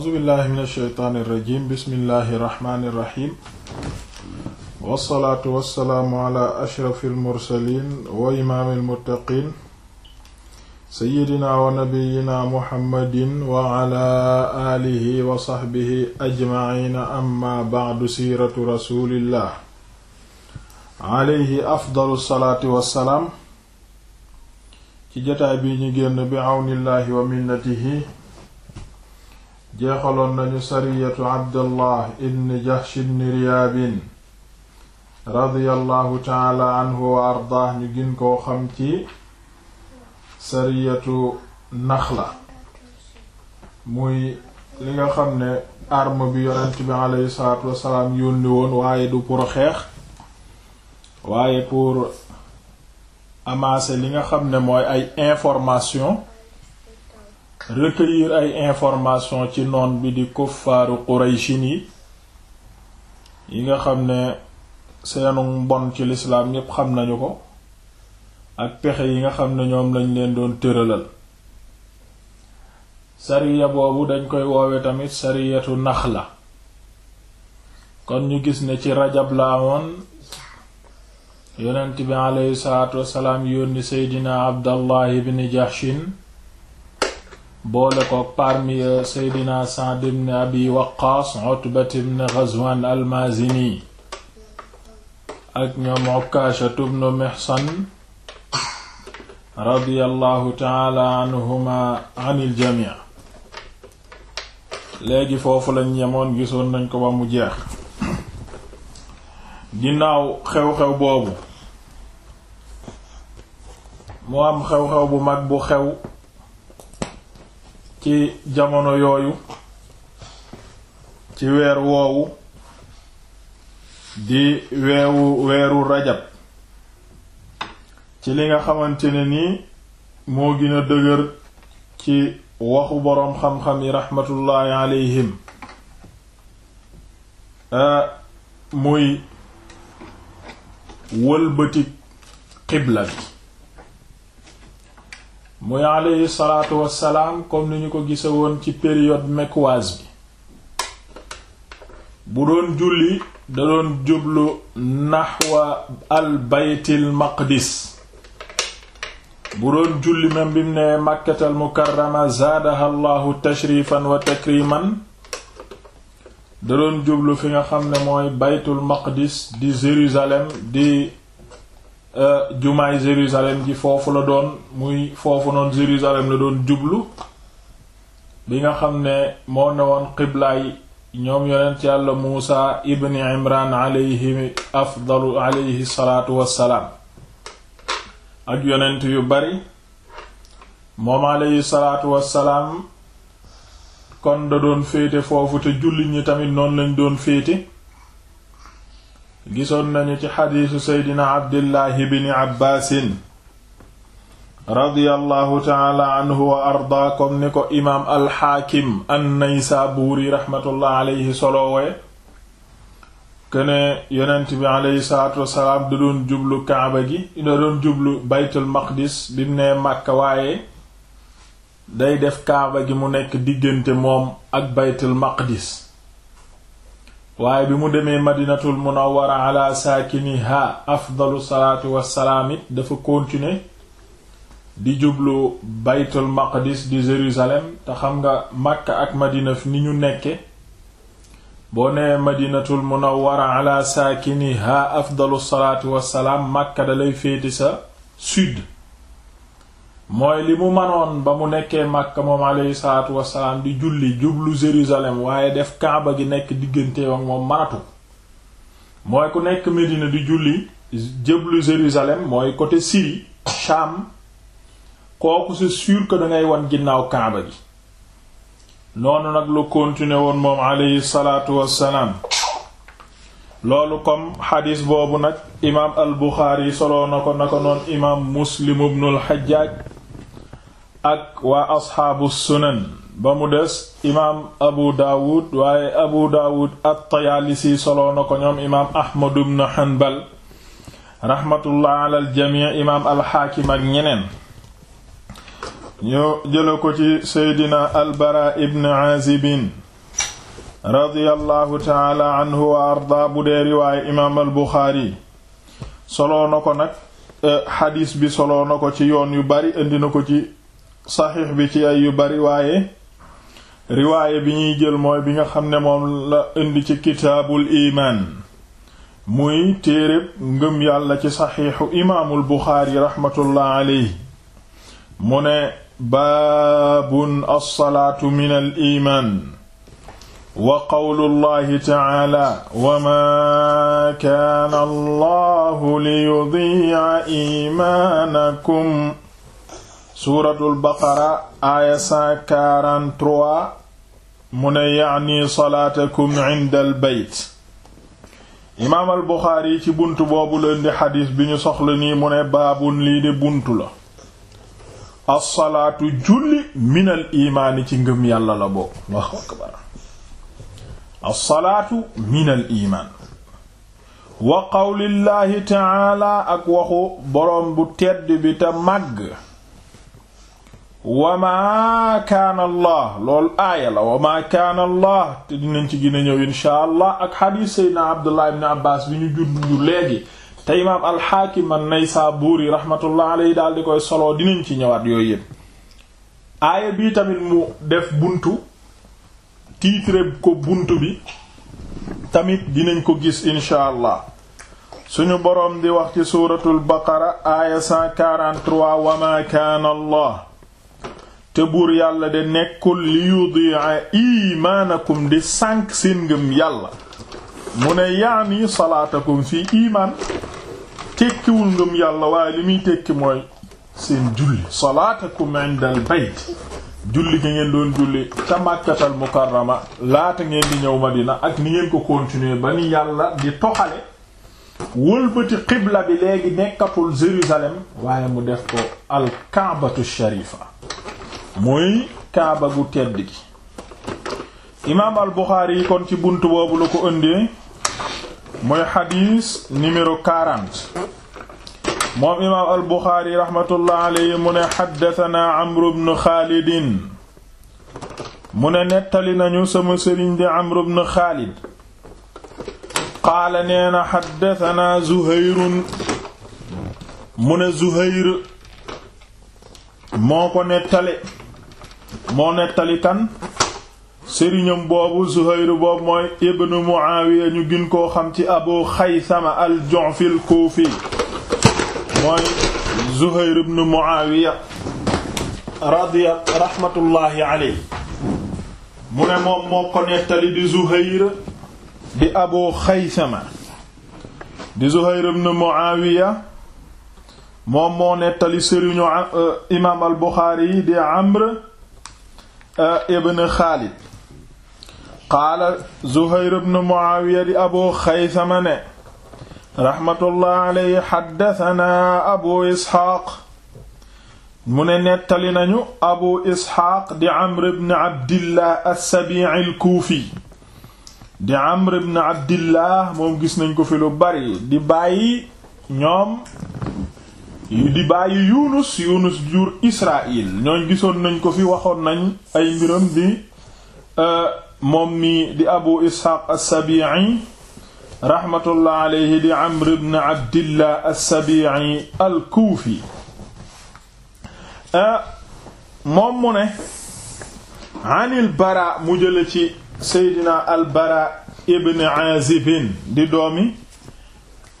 auzubillahi min asheytaani irrajim bismillahi irrahmani irrahim wassalaatu wassalaamu ala ashrafi almursalin wa imaami almuttaqin seyidina wa nabiyina muhammadin wa ala alihi wa saxbihi ajmaciina amma bacdu siiratu rasulillah alayhi afdalu salaati wassalaam ci jataay bii ñu génn bi awnillahi wa minnatihi jeexaloon nañu sariyatu abdallah ibn jahsh riyaabin radiyallahu taala anhu wa ardaah ñu gën koo xam ci sariyatu naxla muy li nga xam ne arme bi yonent bi aleyhi salaatu wasalaam yónni woon waaye du pour xeex waaye pour amasser li nga xam ne mooy ay information recueillir ay information ci noon bi di kuffaaru qurayshin yi yi nga xam ne seenu mbon ci lislaam ñépp xam nañu ko ak pexe yi nga xam ne ñoom lañ leen doon tëralal sariya boobu dañ koy woowe tamit sariyatu la kon ñu gis ne ci rajab la amoon yonent bi aleyhi yoon wasalaam yónni seydina abdallahi ibn jahshin boole ko parmi seydina Sa'd ibn Abi Waqqas Utbat ibn Ghazwan al ak ñoom Ukkaasha ibn Mihsan radiyallahu taala anhuma anil léegi foofu lañ yemoon gisoon nañ ko ba mu jeex ginnaaw xew-xew boobu mu am xew-xew bu mag bu xew ci jamono yooyu ci weer woowu di weewu weeru rajab ci li nga xamante ni nii moo gën a dëgër ci waxu boroom xam-xam yi raxmatullaahi alayhim muy wëlbatik xibla bi muy aleyhi salaatu wassalaam comme ni ñu ko gise woon ci période mecquoise bi bu doon julli da doon jublu naxwa al baytil maqdis bu doon julli même bi mu ne màkkatal mukarrama zaadaha allahu tashrifan wa takriman da doon jublu fi nga xam ne mooy baytul maqdis di Jérusalem di Euh, jumaay Jérusalem ji foofu la doon muy foofu noonu Jérusalem la doon jublu bi nga xam ne moo ne woon xiblaay ñoom yonent yàlla Muusa ibn Imran alayhi afdalu alayhi salaatu wassalaam ak yonent yu bari moom alayhi salaatu wassalaam kon da doon féete foofu te jullit ñi tamit noonu lañ doon féete gisoon nañu ci xadiisu seydina abdillahi bini abbaasin radiyallahu taala anhu wa arda ni ko imaam alxaakim an-Naysaabuuri raxmatullah alayhi solowee kene yonent bi alayhi salaatu wasalaam jublu kaaba gi da jublu baytul maqdis bi mu nee waaye day def kaaba gi mu nekk diggante moom ak baytul maqdis waaye bi mu demee madinatul munawwara ala saakiniha afdalu salaatu wassalaam it dafa continuer di jublu baytul maqdis di Jérusalem te xam nga Makka ak madina ni ñu nekke boo nee madinatul munawwara ala saakiniha afdalu salaatu wassalaam Makka da lay féete sa sud mooy li mu manoon ba mu nekkee màkka moom alayhi salaatu wassalaam di julli jublu Jérusalem waaye def Kaaba gi nekk diggante ak moom manatu mooy ku nekk Medina di julli jublu Jérusalem mooy côté Syrie Sham kooku c'est sûr que dangay wan ginnaaw Kaaba gi noonu nag lu continuer woon moom alayhi salaatu wassalaam loolu comme xadis boobu nag imaam al buxaari soloo na ko na ko noon imaam muslim ibnul xajjaaj ak waa asxaabu sunan ba mu des imaam abu daawud waaye abu daawud at-tayaalisi soloo ko ñoom imaam ahmadu bnu hanbal rahmatullah ala aljamii imaam alxaakim ak ñeneen ñu jëla ko ci seydina albara ibn aazibin radiyallahu taala anhu wa arda bu dee imaam al buxaari soloo ko nag eh, xadiis bi soloo ko ci yoon yu bari indi ko ci saxiix bi ci ay yu bari waaye riwaaye bi ñuy jël mooy bi nga xam ne moom la indi ci kitaabul imaan muy téereb ngëm yàlla ci saxiixu imaamul buxaari raxmatullah aleyhi mu ne baabun alsalaatu min al imaan wa qawlullahi taala wama kaana allahu liyudiica imaanakum suuratul baqara aaya 143 mu ne yaani salaatakum inda al imaam al ci bunt boobu leen xadiis bi ñu soxla nii mu ne baabun lii de bunt la assalaatu julli minal imaani ci ngëm yàlla la boobu allahu ak waxu boroom bu tedd bi te màgg wama kaana allah loolu aaya la wama kaana allah te dinañ ci gën ñëw inshaa allah ak xadiis seydna abdullah ibn abbas bi ñu juddu léegi te imaam alxaakim an-Naysaburi rahmatullah alayhi daal di koy soloo dinañ ci ñëwaat yooy yépp aaya bii tamit mu def buntu titre ko buntu bi tamit dinañ ko gis inshaa allah suñu boroom di wax ci suuratul baqara aaya 143 wama kaana te buur yàlla de nekkul li yudi'a imaanakum di sànq seen ngëm yàlla mu ne yaani salaatakum fii imaan tekkiwul ngëm yàlla waaye li muy tekki mooy seen julli salaatakum inda al bayt julli gi ngeen doon julli ca màkkatal mukarrama laata ngeen di ñëw madina ak ni ngeen ko continuer ba ni yàlla di toxale wëlbati xibla bi léegi nekkatul Jérusalem waaye mu def ko al sharifa muy kaaba gu tedd gi imaam al Buxaari kon ci bunt boobu la ko ëndee mooy xadiis numéro 40 moom imaam al Buxaari raxmatullah mu ne xaddatanaa Amru bnu Xaalidin mu ne nettali nañu sama sëriñ di Amru bnu Xaalid qaala nee na Zuhayrun mu ne Zuhayr moo ko nettali moo nettali kan sëriñam boobu Zuhayr boobu mooy ibnu Muawiya ñu gën koo xam ci Abu Xaysama al-Ju'fi al-Kufi mooy Zuhayr ibnu Muawiya radiya rahmatullahi alayhi mu ne moom moo ko nettali di Zuhayr di Abu Xaysama di Zuhayr ibnu Muawiya moom moo nettali sëriñu euh, imaam al Buxaari di Amr euh, ibn Xaalid qaala Zuhayr ibn Muawiya di Abu Xaysama ne raxmatullah alayhi xaddatanaa abu isxaaq mu ne nettali nañu abu isxaaq di amr ibn abdillah assabii alkuufi di amr ibn abdillah moom gis nañ ko fi lu bari di bàyyi ñoom di bàyyi yunus yunus jur israil ñooñ gisoon nañ ko fi waxoon nañ ay mbiram bi euh, moom mi di abu isxaaq assabii rahmatullah alayhi di amr ibn abdillah assabii alkuufi euh, moom mu ne anil bara mu jële ci seydina al bara ibn aazibin di doomi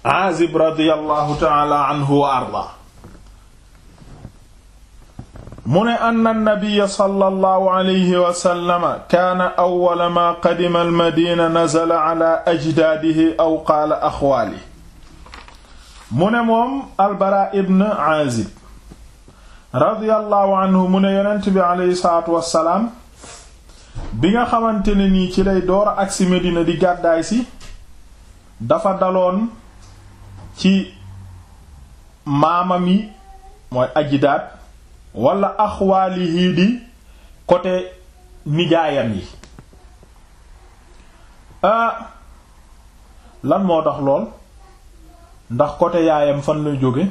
aazib radiyallahu taala anhu wa arda mu ne anna nabiyya sallallahu alayhi wa sallama kaana awwala maa almadina nazala ala ajdaadihi aw qaala axwaali mu ne moom albara ibn aazib radiyallahu anhu mu ne yonent bi aleyhi salaatu wassalaam bi nga xamante ni ci lay door ak si di gàddaay si dafa daloon ci maamam yi mooy ajdaad wala axwaalihi di côté nijaayam yi ah lan moo tax lool ndax côté yaayam fan la jóge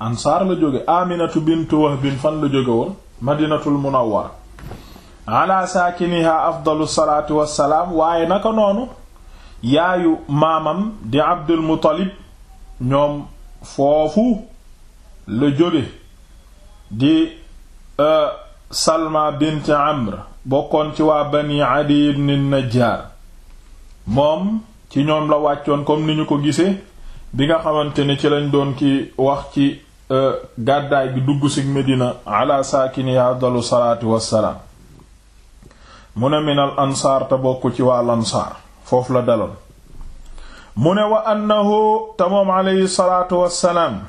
ansaar la jóge aminatu bint wahbin fan la jóge woon madinatul munawwara ala saakiniha afdalu salaatu wassalaam waaye naka noonu yaayu maamam di abdul muttalib ñoom foofu la jóge di euh, salma bint amr bokkoon ci waa bani adi ibn najjar moom ci ñoom la wàccoon comme ni ñu ko gisee bi nga xamante ne ci lañ doon ki wax ci euh, gàddaay gi dugg ci Medina ala saakini salaatu wassalaam mu ne minal ansaar te bokk ci waa lansaar foofu la daloon mu ne wa annahu te moom alayhi salaatu wassalaam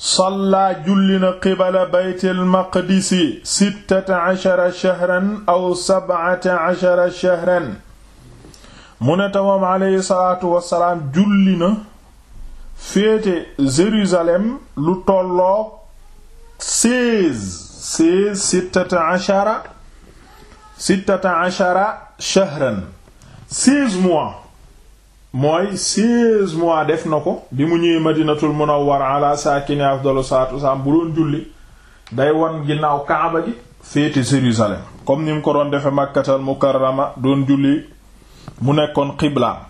sallaa julli na qibala baytil maqdisi sittata ashara shahran aw sab'ata ashara shahran mu ne tamoom aleyhi salaatu wasalaam julli na féete lu tolloog seize seize sittata shahran mooy seize mois def na ko bi mu ñëwee madinatul munawwara ala saakini afdalu salaatu wasalaam bu doon julli day won ginnaaw kaaba gi féete Jérusalem comme ni mu ko doon defe makkatal mukarrama doon julli mu nekkoon xiblaam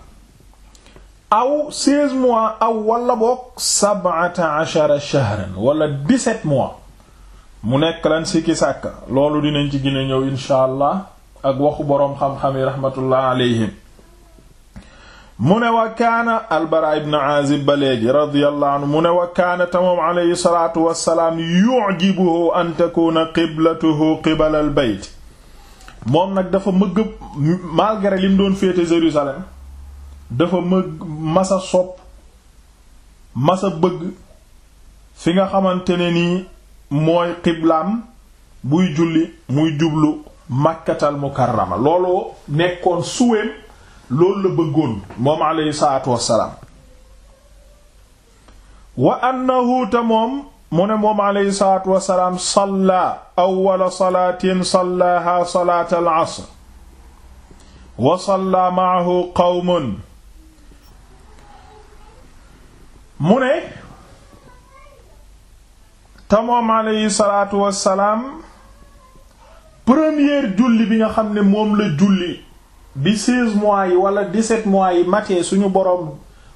aw seize mois aw wala boog sab'ata ashara shahran wala dix mois mu nekk lan siki sàkk loolu dinañ ci gën ñëw insha allah ak waxu boroom xam-xam yi rahmatullah alayhim mu ne wa kaana albara ibn aazib ba léegi radiyallahu mu ne wa kaana tamoom alayhi salaatu wassalaam yu'jibuhu an takuna qiblatuhu qibala al moom nag dafa mëgg malgré li doon féete Jérusalem dafa mëgg masa sopp masa bëgg fi nga xamante ne nii mooy xiblaam buy julli muy jublu màkkatal mukarrama looloo nekkoon suweem loolu la bëggoon moom aleyhi salaatu wassalaam wa annahu ta moom mu ne moom aleyhi salaatu wassalaam salla awwala salaatin sallaha salaat al asr wa salla maahu qawmun mu ta moom aleyhi salaatu wassalaam première julli bi nga xam ne moom la julli bi 16 mois yi wala 17 mois yi matee suñu boroom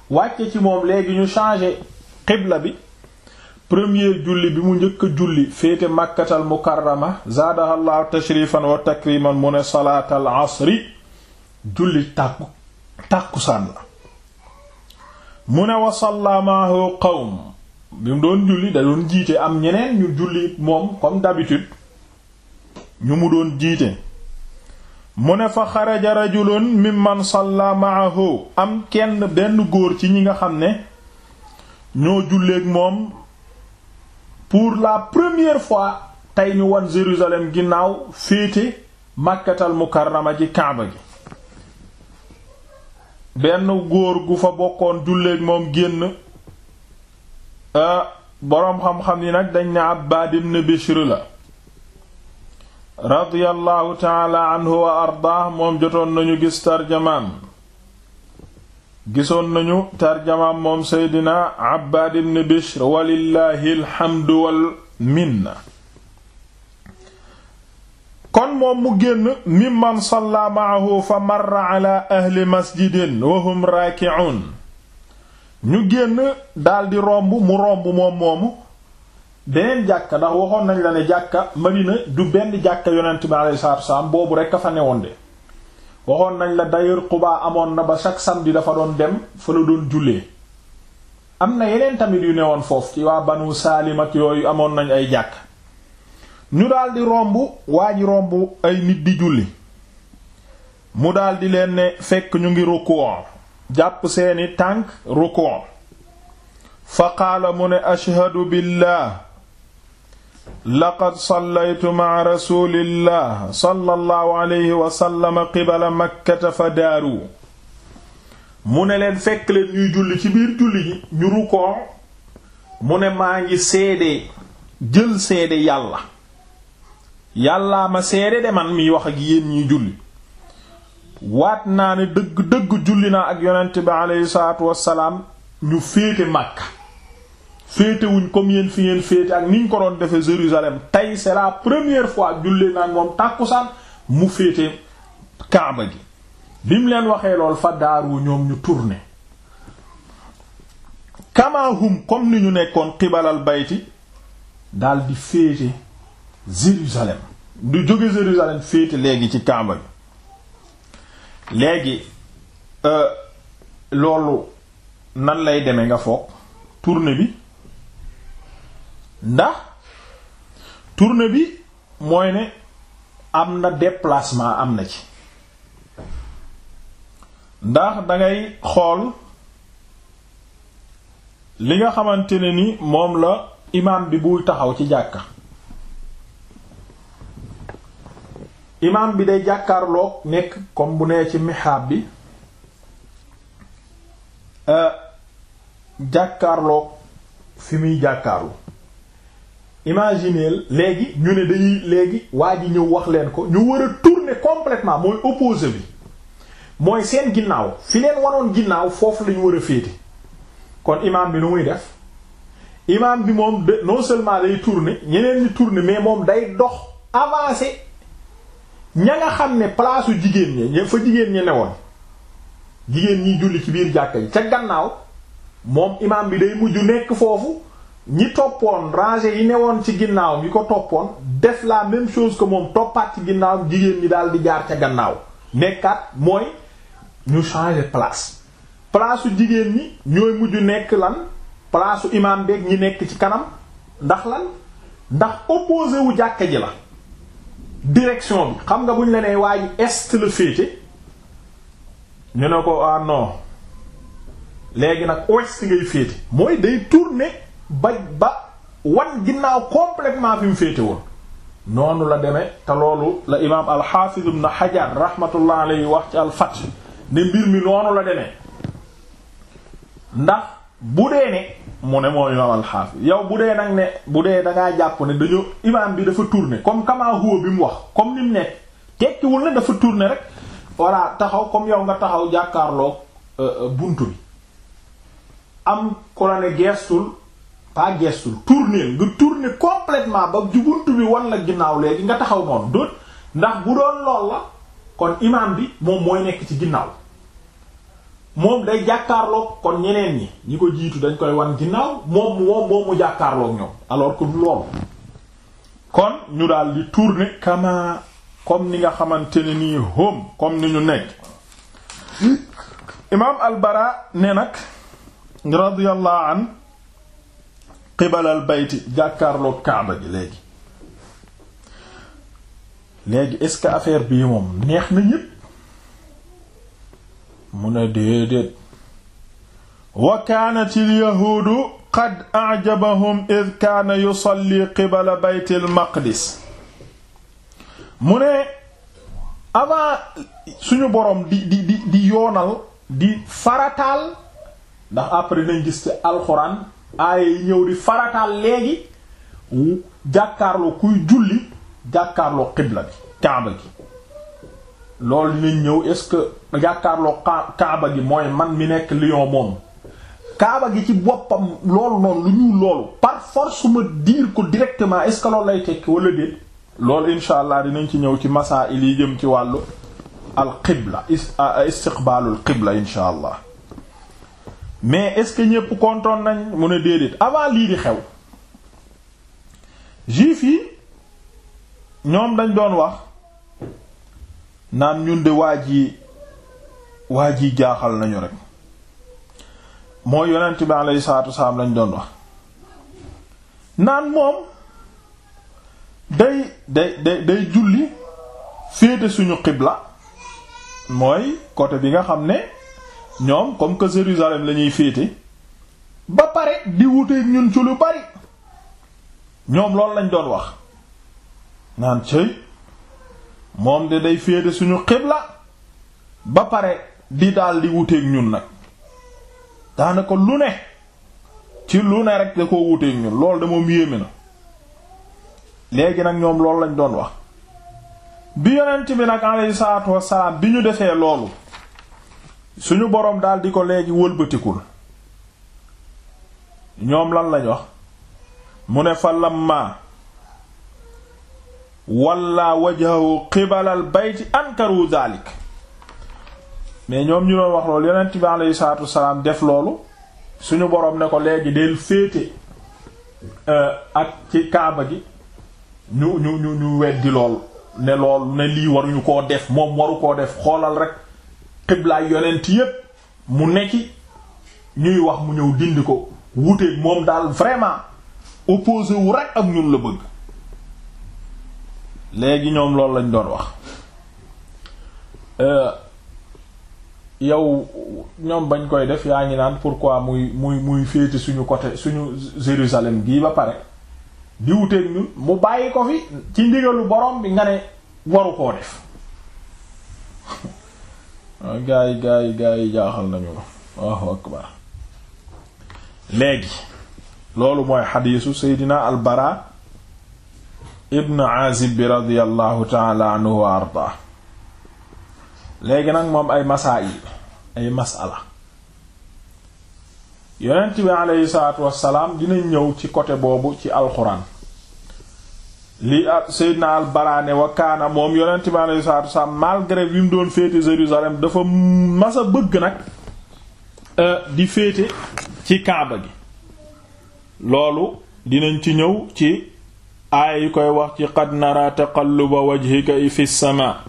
wàcce ci moom léegi ñu changé xibla bi premier julli bi mu njëkk a julli féete màkkatal mukarrama zaadaha llahu tashrifan wa takriman mu ne salaatal asri julli tàkku tàkkusaan la mu ne wa salla qawm bi mu doon julli da doon jiite am ñeneen ñu julli moom comme d'habitude ñu mu doon jiite mu ne fa xaraja rajulun mimman salla ma'ahu am kenn benn góor ci ñi nga xam ne ñoo julleek moom pour la première fois tey ñu wan Jérusalem ginnaaw fiite màkkatal mukarrama ci kaaba gi benn góor gu fa bokkoon julleek moom génn ah, boroom xam-xam yi nag dañ ne Abbaad ibn Bishr la radiyallahu taala wa ardaah moom jotoon nañu gis tarjamaam gisoon nañu tarjamaam moom seydina abbaad ibn bishr walillaahi alxamdu wal kon moom mu génn mimman salla maahu fa marra ahli masjidin wa hum raaki'uun ñu génn daldi romb mu romb moom moomu beneen jàkka ndax waxoon nañ la ne jàkka Madina du benn jàkka yonent bi alayhi salaatu boobu rek a fa woon de waxoon nañ la d'ailleurs Quba amoon na ba chaque samedi dafa doon dem fa la doon jullee am na yeneen tamit yu ne woon foofu ci waa Banu Saalim ak yooyu amoon nañ ay jàkk ñu daldi romb waa ji romb ay nit di julli mu daldi leen ne fekk ñu ngi rukkoo jàpp seeni tànk rukkoo fa qaala mu ne ashhadu billah laqad sallaytu ma'a rasulillah sallallahu alayhi wa sallam qibala makkata fa daaru mu ne leen fekk leen ñuy julli ci biir julli ji ñu rukkoo mu ne maa ngi seede jël seede yàlla yàllaa ma seede de man mi wax ak yéen ñuy julli waat naa ne dëgg dëgg julli naa ak yonent bi aleyhi salaatu wassalaam ñu féete Makka féetewuñ comme yéen fi ngeen féete ak niñ ko doon defee Jérusalem tey c'est la première fois jullee naa moom tàkkusaan mu féete kaama gi bi mu leen waxee lool fa daaru ñoom ñu tourné kamaahum comme ni ñu nekkoon xibalal bayti daal di féete Jérusalem du jóge Jérusalem féete léegi ci Kaaba gi léegi euh, loolu nan lay demee nga foog tournée bi ndax tournée bi mooy ne am na déplacement am na ci ndax dangay xool li nga xamante ni moom la imaam bi buy taxaw ci jàkka imaam bi day jàkkaarloog nekk comme bu nee ci mixaab bi euh, jàkkaarloog fi muy jàkkaarlu imagineel léegi ñu ne dañuy léegi waa ji ñëw wax leen ko ñu war a tourner mooy opposé bi mooy seen ginnaaw fi leen wanoon ginnaaw foofu lañu war a féete kon imaam bi nu muy def imaam bi moom de non seulement day tourner ñeneen ñi tourner mais moom day dox avancer ña nga xam ne place su jigéen ña fa jigéen ña newoon jigéen ñiy julli ci biir jàkka yi ca gannaaw moom imaam bi day mujj nekk foofu. ñi toppoon rangée yi newoon ci ginnaawam yi ko toppoon def la même chose que moom toppaat ci ginnaawam jigéen ñi daal di jaar ca gannaaw nekkaat mooy ñu changer place place su jigéen ñi ñooy mujj nekk lan place su imaam beeg ñi nekk ci kanam ndax lan ndax opposé wu jàkka ji la direction bi xam nga buñ la nee waa ji est la féete ñu ne ko ah non léegi nag ouest ngay féete mooy day tourner. ba ba wan ginnaaw complètement fi mu féete noonu la deme te loolu la imaam alxaafiz ibn Hajar rahmatullah alayhi wax ci alfath ne mbir mi noonu la deme ndax bu dee ne mu ne moom imaam alxaafiz yow bu dee nag ne bu dee da ngaa jàpp ne dañu imaam bi dafa tourner comme kamaa huwa bi mu wax comme ni mu ne tekkiwul ne dafa tourner rek voilà taxaw comme yow nga taxaw jàkkaarloo euh, euh, bunt bi am ku la ne geestul pas gestul tourner nga tourner complètement ba juguntu bi wan la ginnaaw léegi nga taxaw noonu doot ndax bu doon lool la kon imaam bi moom mooy nekk ci ginnaaw moom day jàkkaarloog kon ñeneen ñi ñi ko jiitu dañ koy wan ginnaaw moom moom moom mu jàkkaarloog ñoom alors que loolu kon ñu daal di tourner kama ni nga xamante ne nii home comme ni ñu nekk imaam al ne nag radiyallahu an qibalal bayti jàkkaarloog kaaba gi léegi léegi est-ce que affaire bii moom neex na ñépp mu ne déedéet wa kaanat il yahuudu qad ajabahum id kaana yusalli qibala baytil maqdis mu ne avant suñu boroom di di di di yoonal di farataal ndax après nañ gis ci alxuraan aay ñëw di farataal léegi jàkkaarloo kuy julli jàkkaarloo xibla bi kaaba gi loolu dinañ ñëw est-ce que jàkkaarloo kaaba gi mooy man mi nekk lion moom kaaba gi ci boppam loolu noonu lu ñu loolu par force suma diir ko directement est-ce loolu lay tekki wala déet loolu insha allah dinañ ci ñëw ci masaa il yi jëm ci wàllu al qibla istiqbaalul qibla insha allah mais est-ce que ñépp kontoon nañ mu ne déedéet avant lii di xew juif yi ñoom dañ doon wax naan ñun de waa ji waa ji jaaxal nañu rek moo yonent bi alayhi salaatu wasalaam lañ doon wax naan moom day day day day julli féete suñu xibla mooy côté bi nga xam ne ñoom comme que Jérusalem la ñuy féete ba pare di wuteeg ñun ci lu bari ñoom loolu lañ doon wax naan cëy moom de day féete suñu xibla ba pare di daal di wuteeg ñun nag daanaka lu ne ci lu ne rek da koo wuteeg ñun loolu de moom yéeme na léegi nag ñoom loolu lañ doon wax bi yonent bi nag alayhi salaatu wassalaam bi ñu defee loolu suñu boroom daal di ko léegi wëlbatikul ñoom lan lañ wax mu ne fa lamma walla wajhahu bay ci ankaru zalik mais ñoom ñu doon wax loolu yonent bi aleyhi def loolu suñu boroom ne ko léegi del féete euh, ak ci kaaba gi ñu ñu ñu ñu weddi lool ne lool ne lii waruñu koo def moom waru koo def xoolal rek xiblaay yonent yépp mu nekki ñuy wax mu ñëw dindi ko wuteeg moom daal vraiment opposé wu rek ak ñun la bëgg léegi ñoom loolu lañ doon wax euh, yow ñoom bañ koy def yaa ngi naan pourquoi muy muy muy féete suñu côté suñu Jérusalem gii ba pare di wuteeg ñun mu bàyyi ko fi ci ndigalu boroom bi nga ne waru koo def waaw gaa yi gaa yi gaa yi jaaxal nañu ko waaw akbar léegi loolu mooy xadiisu seydina albara ibn azib bi radiallahu taala anhu wa léegi nag moom ay masaayil ay masala yonent bi aleyhi salaatu wassalaam dina ñëw ci côté boobu ci alxuraan li Seydina al baraane wa kaana moom yonent bi alayhi salaatu wasalaam malgré bi mu doon féete Jérusalem dafa mas a bëgg nag euh, di féete ci Kaaba gi loolu dinañ ci ñëw ci aaya koy wax ci qad nara taqalluba wajhika fi samaa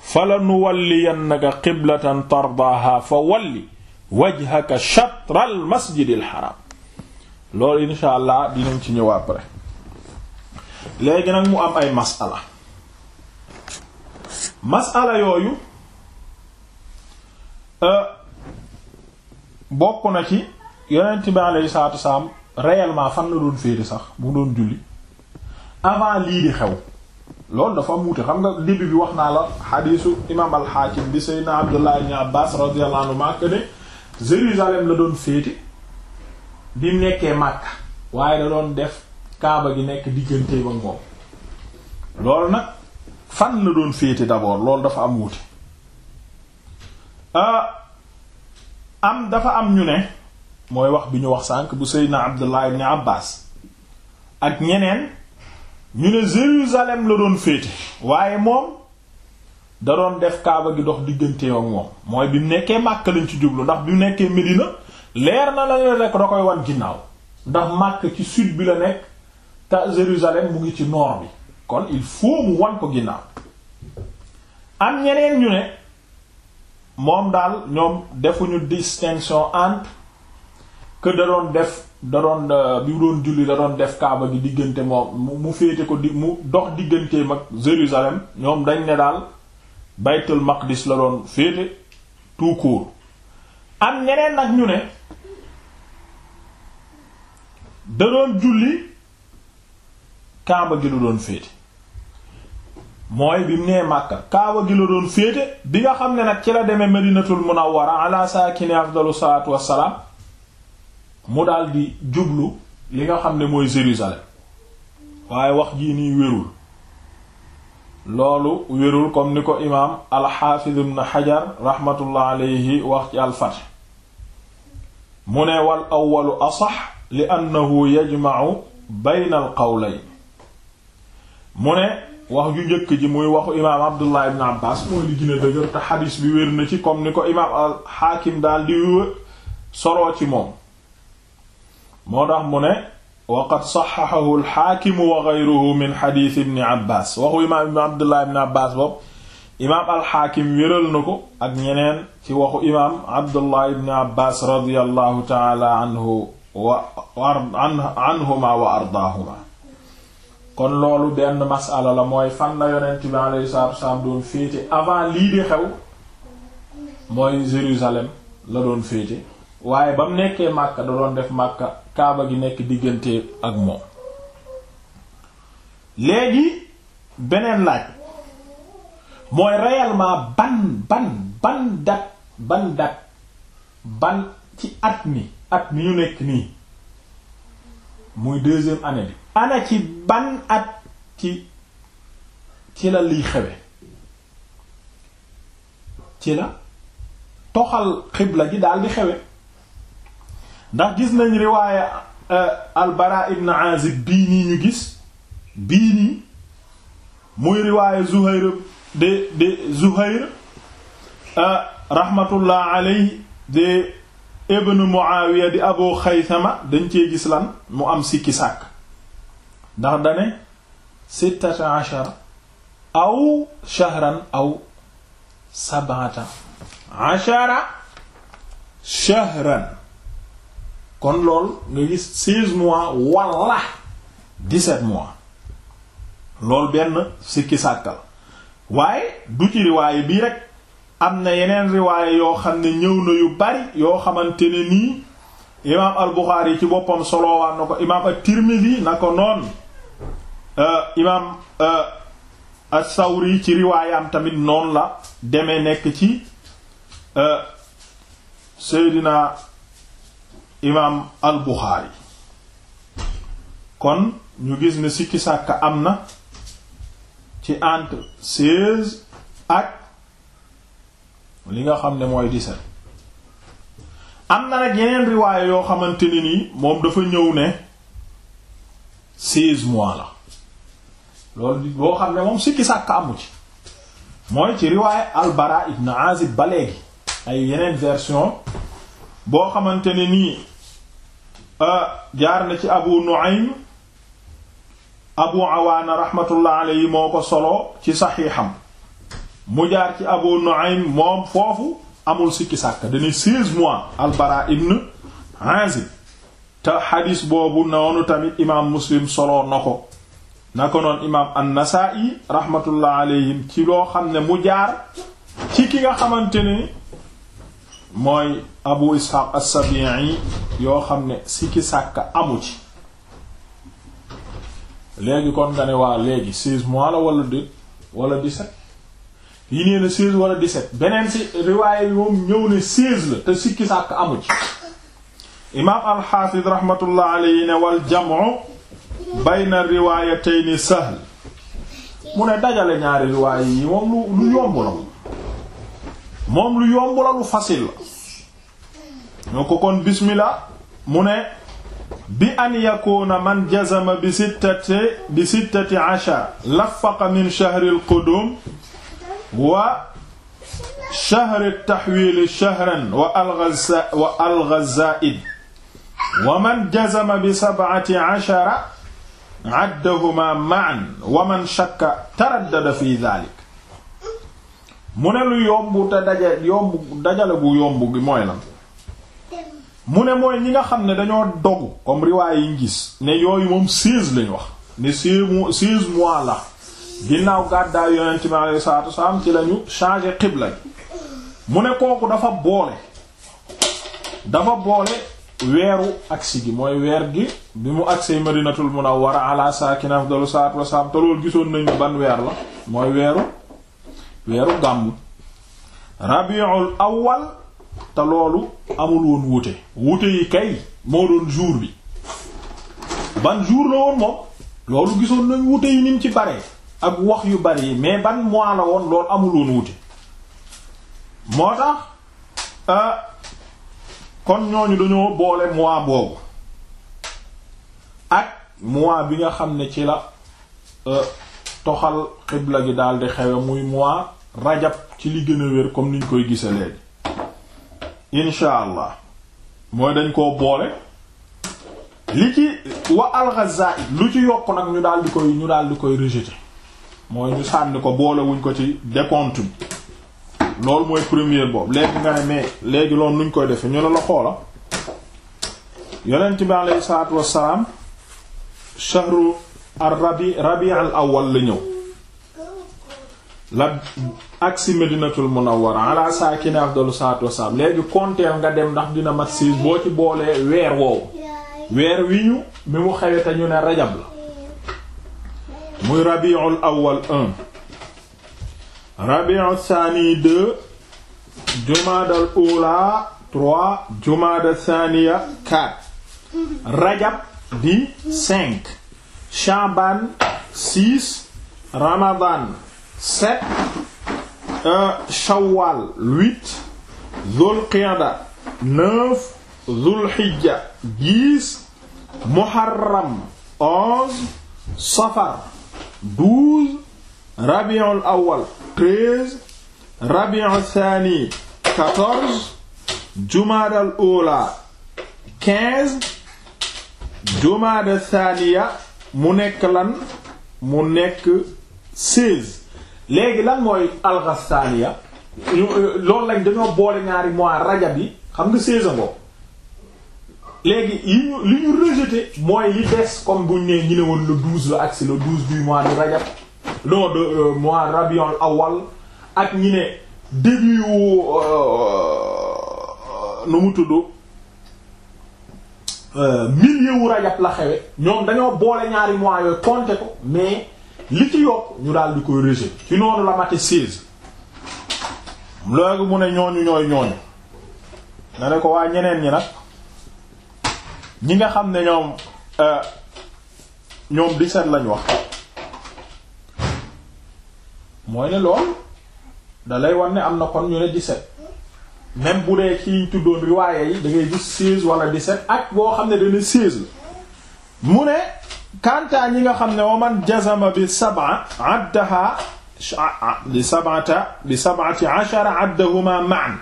fala nuwalliyannaka qiblatan tardaaha fa walli wajhaka shatra masjidil haram loolu insha allah dinañ ci ñëw après léegi nag mu am ay masala masala yooyu euh, bokk na ci yonent bi alayhi salaatu wasalaam réellement fan la doon féete sax bu doon julli avant lii di xew loolu dafa muute xam nga début bi wax naa la xadiisu imaam alxaakim bi seydna abdullah ibn abbas ma anhuma ne Jérusalem la doon féete bi nekkee Makka waaye da doon def kaaba gi nekk diggante ak moom loolu nag fan la doon féete d'abord loolu dafa am wuute ah, am dafa am ñu ne mooy wax bi ñu wax sànq bu na Seydina Abdullah ibn Abbas ak ñeneen ñu ne Jérusalem la doon féete waaye moom da doon def kaaba gi dox diggante ak moom mooy bi mu nekkee Makka lañ ci jublu ndax bu mu nekkee Medina leer na la rek da koy wan ginnaaw ndax Makka ci sud bi la nekk te Jérusalem mu ngi ci nord bi kon il faut mu wan ko ginnaaw am ñeneen ñu ne moom daal ñoom defuñu distinction entre que da doon def da doon euh, bi doon julli da doon def kaaba gi diggante moom mu féete ko di mu dox digganteem ak Jérusalem ñoom dañ ne daal baytul maqdis la doon féete tout am ñeneen nag ñu ne da doon julli kaaba gi la doon féete mooy bi mu nee Makka kaaba gi la doon féete bi nga xam ne nag ci la demee Madinatul Munawwara ala saakini afdalu salaatu wassalaam mu daldi jublu li nga xam ne mooy Jérusalem waaye wax jii nii wérul loolu wérul comme ni ko imaam alxaafiz ibn Hajar rahmatullah alayhi wax ci alfath mu ne wal awwalu asax li annahu yajma'u bayna al mu ne wax ju njëkk ji muy waxu imaam abdullah ibn abbas mooy li gën a xadis bi wér na ci comme ni ko imaam al daal di soroo ci moom moo tax mu ne wa qad saxaxahu alxaakimu wa geyruhu min xadis ibni abbas waxu imaam alxaakim wéral na ko ak ñeneen ci waxu imaam abdullah ibn abbas radiallahu taala anhu ardaahuma kon loolu benn masala la mooy fan la yonent bi alayhi salaatu wasalaam doon féete avant lii di xew mooy Jérusalem la doon féete waaye ba mu nekkee Makka da doon def Makka Kaaba gi nekk diggante ak moom léegi beneen laaj mooy réellement ban ban ban dat ban dat ban ci at mi at mi ñu nekk nii muy deuxième année bi ana ci ban at ci ci la liy xewe ci la toxal xibla ji daal di xewe ndax gis nañ riwaaya euh, albara ibn azib bii nii ñu gis bii nii muy riwaaya zuhayr de de zuhayr euh, rahmatullah alayhi de ibn muawiya di abu xaysama dañ cee gis lan mu am sikki sàkk ndax dane sittata ashara aw shahran aw sabata ashara shahran kon lool nga gis seize mois wala dix mois loolu benn sikki sàkkal waaye du ci riwaaye bii rek am na yeneen riwaaye yoo xam ne ñëw na yu bari yoo xamante ne nii imaam al yi ci boppam solowaan na ko imaam at-Tirmidhi na ko noon Euh, imaam euh, as-Sawri ci riwaayam tamit noonu la deme nekk ci euh, Seydina imaam al kon ñu gis ne sikki sàkk am na ci entre seize ak li nga xam ne mooy dix-sept am na nag yeneen riwaaya yoo xamante ne nii moom dafa ñëw ne seize mois la loolu di xam ne moom sikki sàkk amu ci mooy ci riwaaye albara ibn azib ba léegi ay yeneen version boo xamante ne nii euh, jaar na ci abu nu'aym abu awaana rahmatullah alayhi moo ko solo ci saxiixam mu jaar ci abu nu'aym moom foofu amul sikki sàkk dana seize mois albara ibn azib te xadis boobu noonu tamit imaam muslim solo na ko na ko noon imaam an-Nasaa'i rahmatullah ci loo xam ne mu jaar ci ki nga xamante ne mooy Abu Ishaq as-Sabi'i yoo xam ne sikki sàkk amu ci léegi kon nga ne waa léegi 16 mois la wala de wala 17 yi nee na 16 wala 17 beneen si riwaay moom ñëw ne 16 la te sikki sàkk amu ci imaam al-Hafiz rahmatullah alayhi ne wal bayna riwaayatayni sahl mu ne dajale ñaari riwaaya yi moom lu lu yomb la moom lu yomb la lu facile la ñoo ko kon bismillah mu ne bi an yakuna man jazama bi sittati bi sittati ashar lafaqa min shahri alqudum wa shahri tahwil shahran wa alghaza wa alghazaid wa man jazama bi sab'ati ashara addahuma ma'an wa man shakka taraddada fi dhalik mu ne yomb yomb dajale bu yomb gi mooy lan mu ne mooy ñi nga xam ne dañoo dogu comme riwaay yi ñu gis ne yooyu moom seize lañ wax ne seize seize la dinaaw gàddaay yonent bi ci lañu changer xibla mu ne kooku dafa boole dafa boole weeru agsi gi mooy weer gi bi mu agsee madinatul a ala saakin afdalu salaatu wasalaam te loolu gisoon nañu ban weer la mooy weeru weeru gàmm rabiul awwal te loolu amul woon wuute wuute yi kay moo doon jour bi ban jour la woon moom loolu gisoon nañ wuute yi nim ci bare ak wax yu bare yi mais ban mois la woon loolu amul woon wuute moo tax euh, kon ñooñu dañoo boole mois boobu ak mois bi nga xam ne ci la euh, toxal xibla gi daal di xewe muy mois rajab ci li gën a wér comme niñ koy gise léegi incha allah mooy dañ koo boole li ci wa al lu ci yokk nag ñu daal di koy ñu daal di koy rejeter mooy ñu sànni ko boole wuñ ko ci décompte bi loolu mooy premier boobu léegi nga ne mais léegi loolu nuñ koy defe ñu ne la xoola yonent bi aleyhi salaatu wassalaam shahru ar awal la ñëw la agsi medinatul munawwara ala saakine afdalu salaatu wassalaam léegi konteel nga dem ndax dina mat siis boo ci boolee weer woowu weer wi ñu mi mu xewe ñu ne rajab la muy rabiul awal 1 rabiu thani deux jumaadal ula trois jumaada thaniya quatre rajab di cinq chaban six ramadan sept euh, shawwal huit zul qiyada neuf zul hijja dix muharram onze safar douze rabiul awal treize rabiu thani quatorze jumaadal ula quinze jumaada thaniya mu nekk lan mu nekk seize léegi lan mooy alxas thaniya euh, loolu lañ dañoo boole ñaari mois rajab yi xam nga seize ngo léegi yi ñu li ñu rejeté mooy yi des comme buñ nee ñu ne woon le douze la agsi le douze du mois de rajab non de euh, mois rabiul awal ak ñi ne début wu euh, nu mu tudd euh, milieu wu rajab la xewe ñoom dañoo boole ñaari mois yooyu compter ko mais li ci yokk ñu daal di koy rejet ci noonu la mate 16 léegi mu ne ñooñu ñooy ñooñu na ne ko waa ñeneen ñi nag ñi nga xam ne ñoom ñoom 17 lañu wax mooy ne lool dalay wan ne am na kon ñu ne 17 même bu dee ci ñu tuddoon riwaaye yi da ngay gis 16 wala 17 ak boo xam ne dana 16 la mu ne kantaa ñi nga xam ne waman jazama bi sab'a addaha bi sab'ata bi sab'ati ashara addahuma ma'an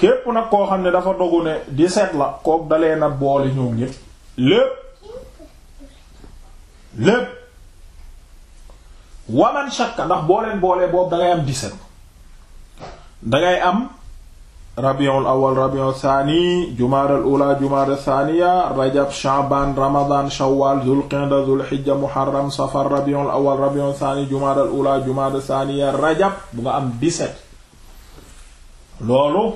képp nag koo xam ne dafa dogu ne 17 la kook dalee na boole ñoom ñépp lépp lépp waman shakka ndax boo leen boolee boobu da am 17 dangay am rabiul awal rabiul thani jumaadal ula jumaadal thaniya rajab sha'ban ramadan shawwal dhul qa'da dhul hijja muharram safar rabiul awal rabiul thani jumaadal ula jumaadal thaniya rajab bu nga am 17 loolu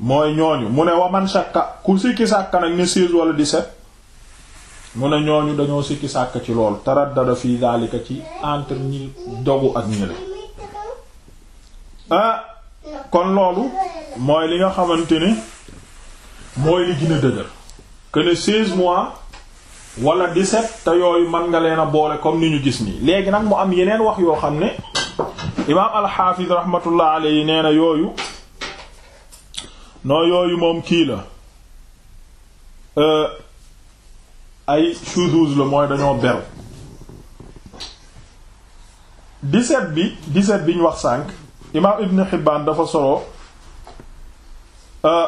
mooy ñooñu mu ne waman shakka ku sikki sàkka nag ni 16 wala 17 mu ne ñooñu dañoo sikki sàkk ci lool taraddada fi daalika ci entre ñi dogu ak ñële ah kon loolu mooy li nga xamante ni mooy li gën dëgër que ne 16 mois wala 17 te yooyu man nga leen a boole comme ni ñu gis nii léegi nag mu am yeneen wax yoo xam ne imaam alxaafiz rahmatullah alayhi nee na yooyu noo yooyu moom kii la euh, ay shuzuz la mooy dañoo ber diset bi 17 bi ñu wax sànq imaam Ibn Hibbaan dafa solo euh,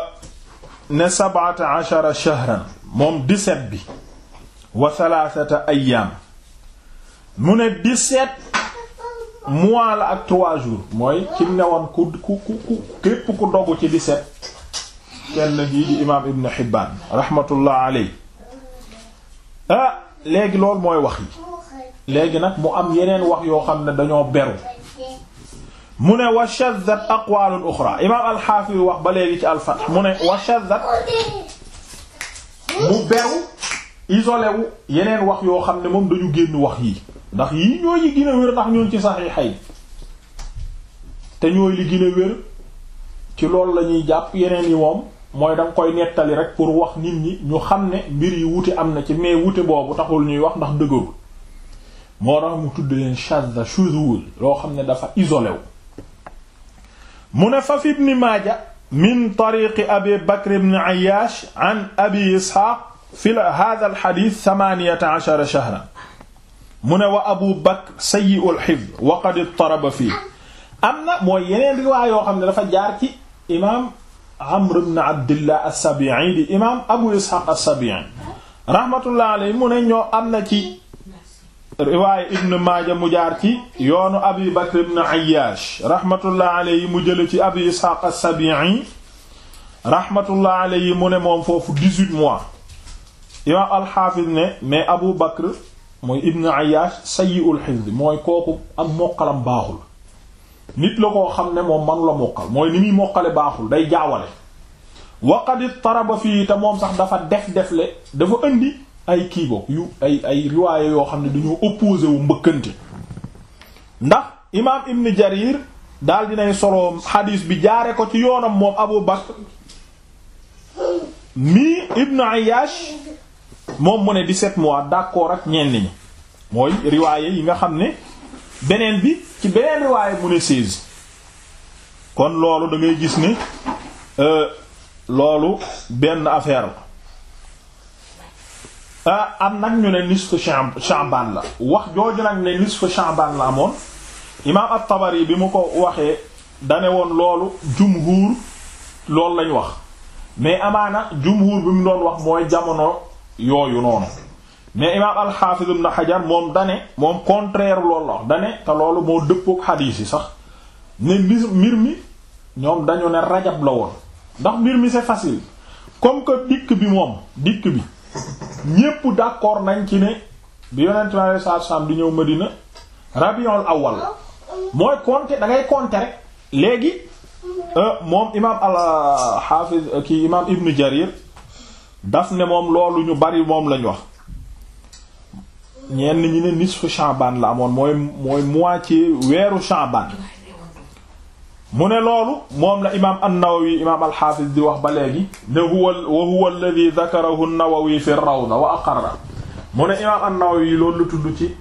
ne sab'ata ashara shahran moom 17 bi wa thalathata ayyaam mu ne 17 mois la ak 3 jours mooy ci ne ku ku ku képp ku dogu ci 17 kenn gi di imaam Ibn Hibbaan rahmatullah alayhi Ah, léegi loolu mooy wax yi léegi nag mu am yeneen wax yoo xam ne dañoo beru mu ne wa shaddat aqwalun uxra imaam yu wax ba léegi ci alfath mu ne wa shaddat mu beru isolé wu yeneen wax yoo xam ne moom dañu génn wax yi ndax yii ñooy yi gën a wér ndax ñoon ci saxiixay te ñooy li gën wér ci loolu lañuy jàpp yeneen yi moom mooy da nga koy nettali rek pour wax nit ñi ñu xam ne mbir yi wute am na ci mais wute boobu taxul ñuy wax ndax dëgërul moo tax mu tudd leen shadda shuzul loo xam ne dafa isolé wu ne fa fi ibn maaja min tariqi abi bakr ibn ayyash an abi isxaaq fi hadha al hadith thamaniyata ashara shahran mu ne wa abu bakr sayyi'ul hifz wa qad fii am na mooy yoo xam ne dafa jaar ci imaam Amr ibn Abdillah as-Sabi'i di imaam Abu Ishaq as-Sabi'i rahmatullah mu ne ñoo am na ci riwaaye Ibn Maaja mu jaar ci yoonu Abi Bakr ibn Ayyash mu jële ci Abi Ishaq as-Sabi'i rahmatullah alayhi mu ne moom foofu 18 mois imaam al-Hafiz ne mais Abu Bakr mooy Ibn Ayyash sayyi'ul hifz mooy kooku am mokkalam baaxul nit la koo xam ne moom manu la mokkal mooy ni muy mokkale baaxul day jaawale waqadit taraba fii te moom sax dafa def-defle dafa indi ay kiibo yu ay ay riwaaye yoo xam ne dañoo opposé wu mbëkkante ndax imaam ibn jarir daal dinay solo xadiis bi jaare ko ci yoonam moom abu bakr mi ibn ayash moom mu ne 17 mois d'accord ak ñenn ñi mooy riwaaye yi nga xam ne beneen bi ci beneen riwaaye mu ne seize kon loolu da ngay gis ne euh, loolu benn affaire la ah, am nag ñu ne nisfu Sha'ban la wax jooju nag ne nisfu Sha'ban la amoon imaam at-Tabari bi mu ko waxee dane woon loolu jumhuur loolu lañ wax mais amaana jumhuur bi mu doon wax mooy jamono yooyu noonu mais imaam al-Hafiz ibn Hajar moom dane moom contraire loolu la dane te loolu moo dëppook xadiis yi sax ne mbir mi ñoom dañu ne rajab la woon ndax mbir mi c'est facile comme que dikk bi moom dikk bi ñépp d'accord nañ ci ne bi yonent bi alayhi salaatu salaam di ñëw Medina rabiul awal mooy compter da ngay compter rek léegi euh, moom imaam al-Hafiz euh, kii imaam Ibn Jarir daf ne moom loolu ñu bari moom lañ wax ñenn ñi ne nisfu Sha'ban la amoon mooy mooy moitié weeru Sha'ban mu ne loolu moom la imaam an-Nawawi imaam al-Hafiz di wax ba léegi ne huwa wa huwa alladhi dhakarahu an-Nawawi tudd ci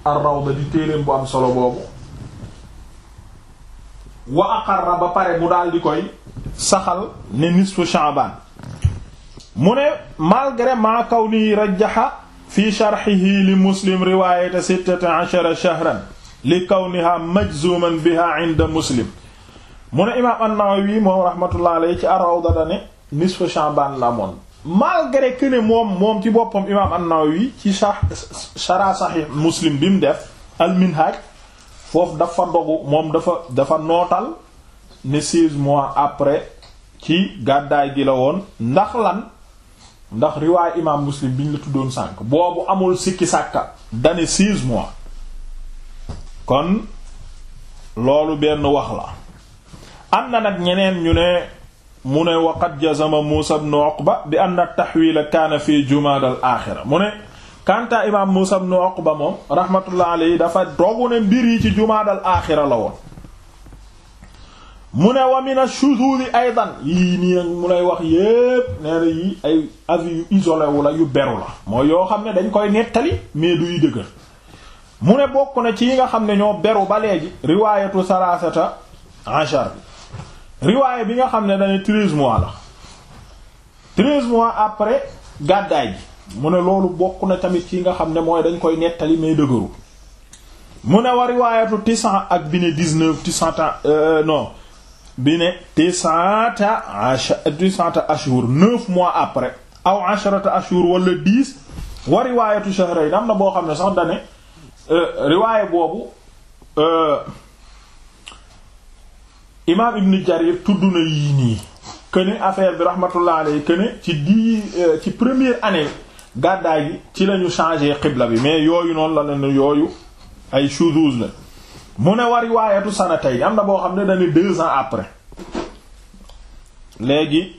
bu am solo boobu wa aqarra ba pare mu daal di koy saxal ne nisfu Sha'ban mu ne malgré ma kawni rajjaha fi sharxihi li muslim riwaayata sittata ashara shahran li kawniha majzuman biha inda muslim mu ne imaam an-Nawawi moom rahmatullah alayhi ci ar-Rawda dane nisfu Sha'ban la ne moom moom ci boppam imaam an-Nawawi ci shara sahih muslim bi mu def al-Minhaj foofu dafa dogu moom dafa dafa nootal ne mois après ci gàddaay gi la woon ndax lan ndax riwaay imam muslim bi ñu la tuddoon sànk boobu amul sikki sàkka dani six mois kon loolu benn wax la am na nag ñeneen ñu ne mu ne waqad jazama Muusa ibn Uqba bi anna tahwila kaana fi jumaada al axira mu ne kanta imam Muusa ibn Uqba moom rahmatullah alayhi dafa dogu ne mbir yi ci jumaada al axira la woon mu ne wa min ash ay aydan yii nii nag mu lay wax yépp nee yi ay avis yu isolé wu la yu beru la mooy yoo xam ne dañ koy nettali mais duy dëgër mu ne bokk na ci yi nga xam ne ñoo beru ba léegi riwaayatu salasata en bi riwaaya bi nga xam ne dañu treize mois la treize mois après gàddaay ji mu ne loolu bokk na tamit ci nga xam ne mooy dañ koy nettali mais dëgëru mu ne wa riwaayatu tisan ak bi ne dix-neuf tisan euh, non bi ne tis'ata tis'ata ashhur neuf mois après aw asharata ashhur wala dix wa riwaayatu shahrayn am na boo xam ne sax dane euh, riwaaya boobu euh, imaam ibn jarir tudd na yii nii këne affaire bi rahmatullah alayhi këne ci dix euh, ci première années gàddaay gi ci lañu changé xibla bi mais yooyu noonu la ne yooyu ay shuzuz la mu ne wa riwaayatu sanatay am na boo xam ne dañu deux ans après léegi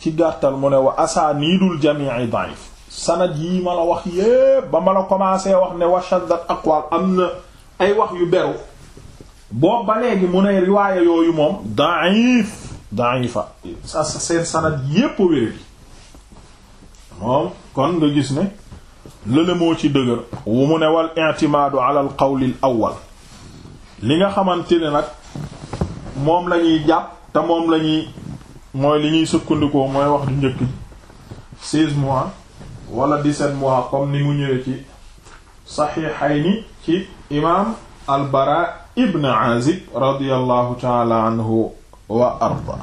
ci gàttal mu ne wa asaaniidul jamii da'if sanad yi ma la wax yépp ba ma la commencé wax ne wa shaddat aqwal am na ay wax yu beru boobu ba léegi mu ne riwaaya yooyu moom da'if da'ifa sa seen sanad yépp wér moom kon nga gis ne lële moo ci dëgër mu ne wal i'timaadu ala al qawl al awwal li nga xamante ne nag moom la jàpp te moom la ñuy mooy li ñuy sukkandikoo mooy wax du njëkk 16 mois wala 17 mois comme ni mu ñëwee ci ni ci imaam al-Bara ibn Azib radiyallahu taala anhu wa arda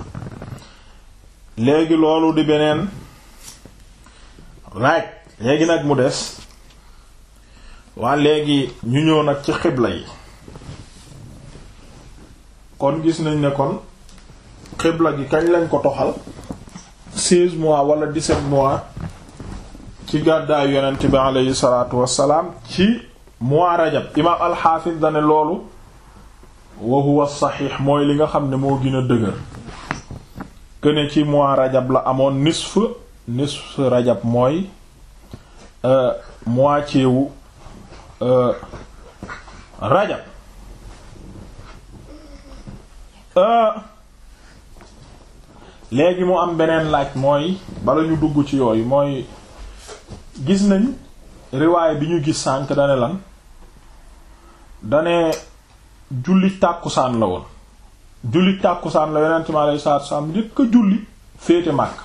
léegi loolu di beneen laaj léegi nag mu des waa léegi ñu ñëw nag ci xibla yi kon gis nañ ne kon xibla gi kañ lañ ko toxal seize mois wala dix-sept mois ci gàddaay yonent bi aleyhi salaatu salaam ci mois rajab imaam alxaafis dane loolu wa huwa saxiix mooy li nga xam ne moo gën dëgër këne ci mois rajab la amoon nisf nisf rajab mooy euh, mois ceewu euh, rajab Ah. léegi mu am beneen laaj mooy bala ñu dugg ci yooyu mooy gis nañ riwaay bi ñu gis sànk dane lan dane julli tàkkusaan la woon julli tàkkusaan la yonent mi alayhi salaatu salaam njëkk julli féete màkk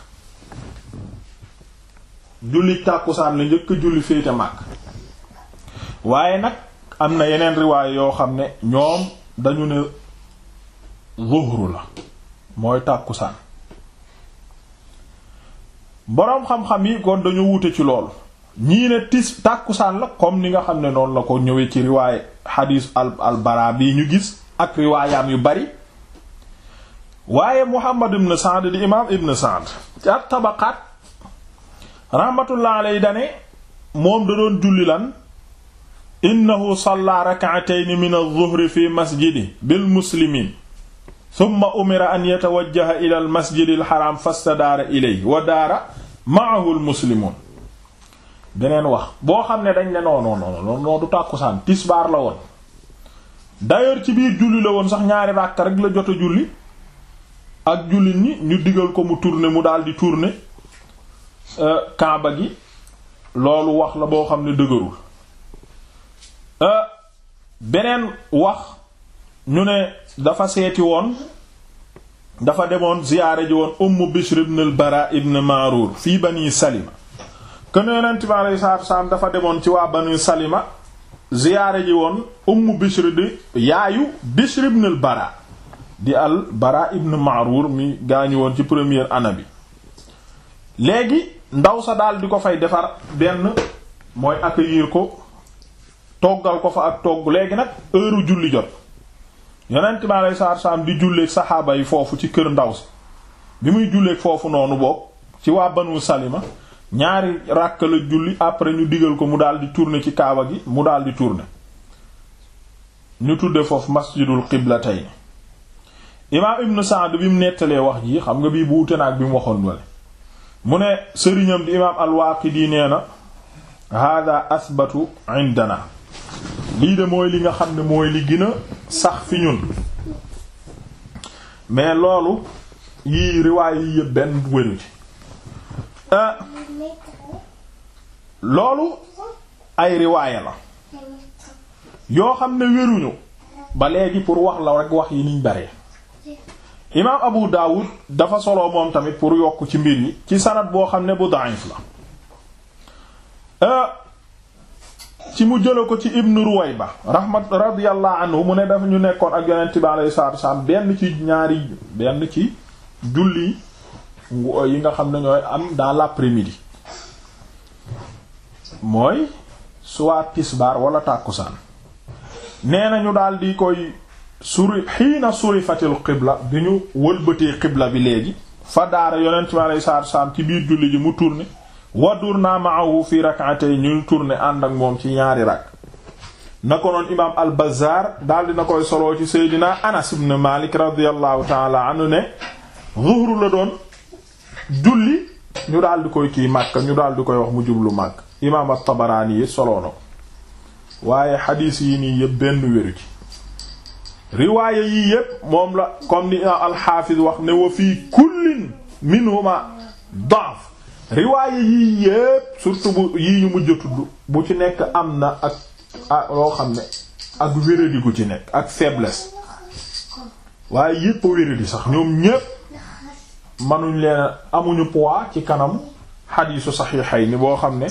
julli tàkkusaan la njëkk julli féete màkk waaye nag am na yeneen riwaay yoo xam ne ñoom dañu ne zuhru la mooy tàkkusaan boroom xam-xam yi kon dañu wute ci lool ñii ne tis tàkkusaan la comme ni nga xam ne noonu la ko ñëwee ci riwaay xadiis al bi ñu gis ak riwaayaam yu bari waaye Muhammad ibn Sa'd di imaam ibn Sa'd ci at tabaqaat rahmatullah alayhi dane moom da doon julli lan innahu salla rak'atayn min adh-dhuhri fi masjidi bil muslimin summa umira an yatawajjaha ila al masjid al haram fastadaara ilay wa daara maahu al beneen wax boo xam ne dañ ne non non non non du tàkkusaan tisbaar la woon d'ailleurs ci biir julli la woon sax ñaari ràkk rek la jot a julli ak jullit ñi ñu digal ko mu turne mu daal di tourner euh, kaaba gi loolu wax la boo xam ne dëgërul euh, beneen wax ñu ne dafa seeti woon dafa demoon ziyaare ji woon umm bishr ibn al ibn maarur fii bani salima kën yonent bi alayhi salaatu dafa demoon ci waa bani salima ziyaare ji woon umm bishr di bara di al bara ibn maarur mi gaañu woon ci première année bi léegi ndaw sa daal di ko fay defar benn mooy accueillir ko toggal ko fa ak togg léegi nag heure julli jot yonent bi aleyhi salaatu salaam di julleeg saxaaba yi foofu ci kër ndaw si bi muy julleeg foofu noonu bokk ci waa banu salima ñaari ràkk la julli après ñu digal ko mu daal di tourner ci kaaba gi mu daal di ñu tudde foofu masjidul tey imaam ibn Sa'd bi mu nettalee wax ji xam nga bii bu wute na ak bi mu waxoon wale mu ne sëriñam di imaam al-Waaqidi nee na hada asbatu indana lii de mooy li nga xam ne mooy li gën sax fi ñun mais loolu yii riwaay yi benn wéru ci ah, loolu ay riwaaya la yoo xam ne wéruñu ba léegi pour wax la rek wax yi niñ bare imaam Abu Dawud dafa solo moom tamit pour yokk ci mbir yi ci sanad boo xam ne bu da'if la ah, ci mu jëla ko ci ibnu ruwayba rahmat radiyallahu anhu mu ne dafa ñu nekkoon ak yonent bi alayhi salaatu wasalaam benn ci ñaari benn ci julli yi nga xam ne ñooy am dans l'après-midi mooy soit tisbaar tàkku tàkkusaan nee na ñu daal di koy suri xiina surifatil xibla bi ñu wëlbatee xibla bi léegi fa daara yonent bi alayhi salaatu wasalaam ci biir julli ji mu turne wadur naa maahu fi rak'atay ñuy turne ànd ak moom ci ñaari rak na ko noon imaam al bazaar daal dina koy soloo ci seydina anas ibn malik radiallahu taala ne zuhru la doon julli ñu daal koy kii màkk ñu daal koy wax mu jublu màkk imaam al tabaraani yi soloo na ko waaye xadiis yi nii yëpp benn wéru ci riwaaya yii yëpp moom la comme ni imaam al wax ne wa fii kullin minhuma da'f riwaaye yii yépp surtout bu yii ñu mujj tudd bu ci nekk am na ak ah loo xam ne ak wéradi gu ci nekk ak faiblesse waaye yépp wéradi sax ñoom ñépp manuñ leen amuñu poids ci kanam xadiisu saxiixayni boo xam ne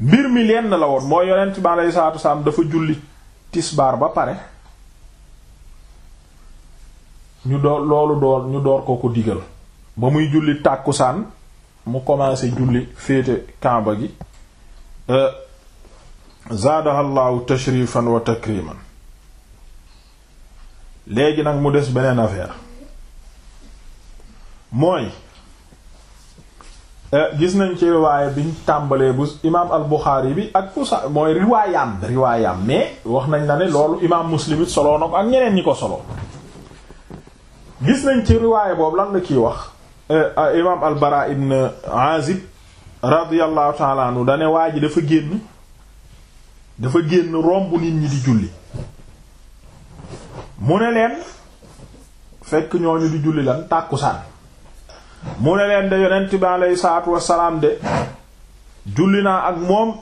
mbir mi lenn la woon mooy yonent bi alayhi saatu wasalaam dafa julli tisbaar ba pare ñu door loolu door ñu door ko ko digal ba muy julli tàkkusaan mu commencé julli féete kaaba gi euh, zaadaha llahu tashrifan wa takriman léegi nag mu des beneen affaire mooy euh, gis nañ ci riwaaya biñ tàmbalee bu imaam al Buxaari bi ak usa mooy riwaayam riwaayam mais wax nañ la ne loolu imaam Muslim it soloo na ko ak ñeneen ñi ko solo gis nañ ci riwaaya boobu lan la kiy wax Euh, ah, imaam al-Bara ibn Azib radiyallahu ta'ala anhu dane waa ji dafa génn dafa génn romb nit ñi di julli mu ne leen fekk ñooñu di julli lan tàkkusaan mu ne leen de yonent bi alayhi salaatu wassalaam de julli naa ak moom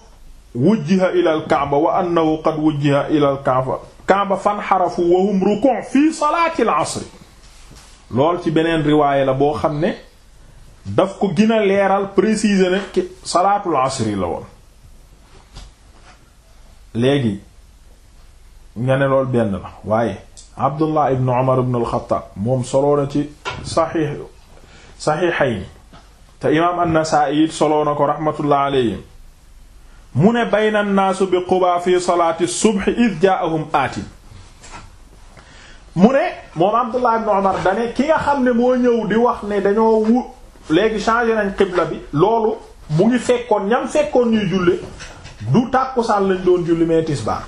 wujjiha ilal kaaba wa annahu qad wujjiha ilal kaaba kaaba fan xarafu wa hum fi salaatil asri lool ci beneen riwaaye la boo xam ne daf ko gën a leeral préciser ne ki salaatul asri la woon léegi nga ne lool benn la waaye abdullah ibn umar ibn al-Khattab moom soloo na ci saxiix saxiixayni te imaam an-Nasaa'i it na ko raxmatullah alayhim mu ne bayna an-naasu bi Qubaa fi salaati subh id jaa'ahum aatin mu ne moom Abdullah ibn Umar dane ki nga xam ne moo ñëw di wax ne dañoo wu léegi changé nañ xibla bi loolu mu ngi fekkoon ñam fekkoon ñuy julli du tàkkusaan lañ doon julli mais tisbaar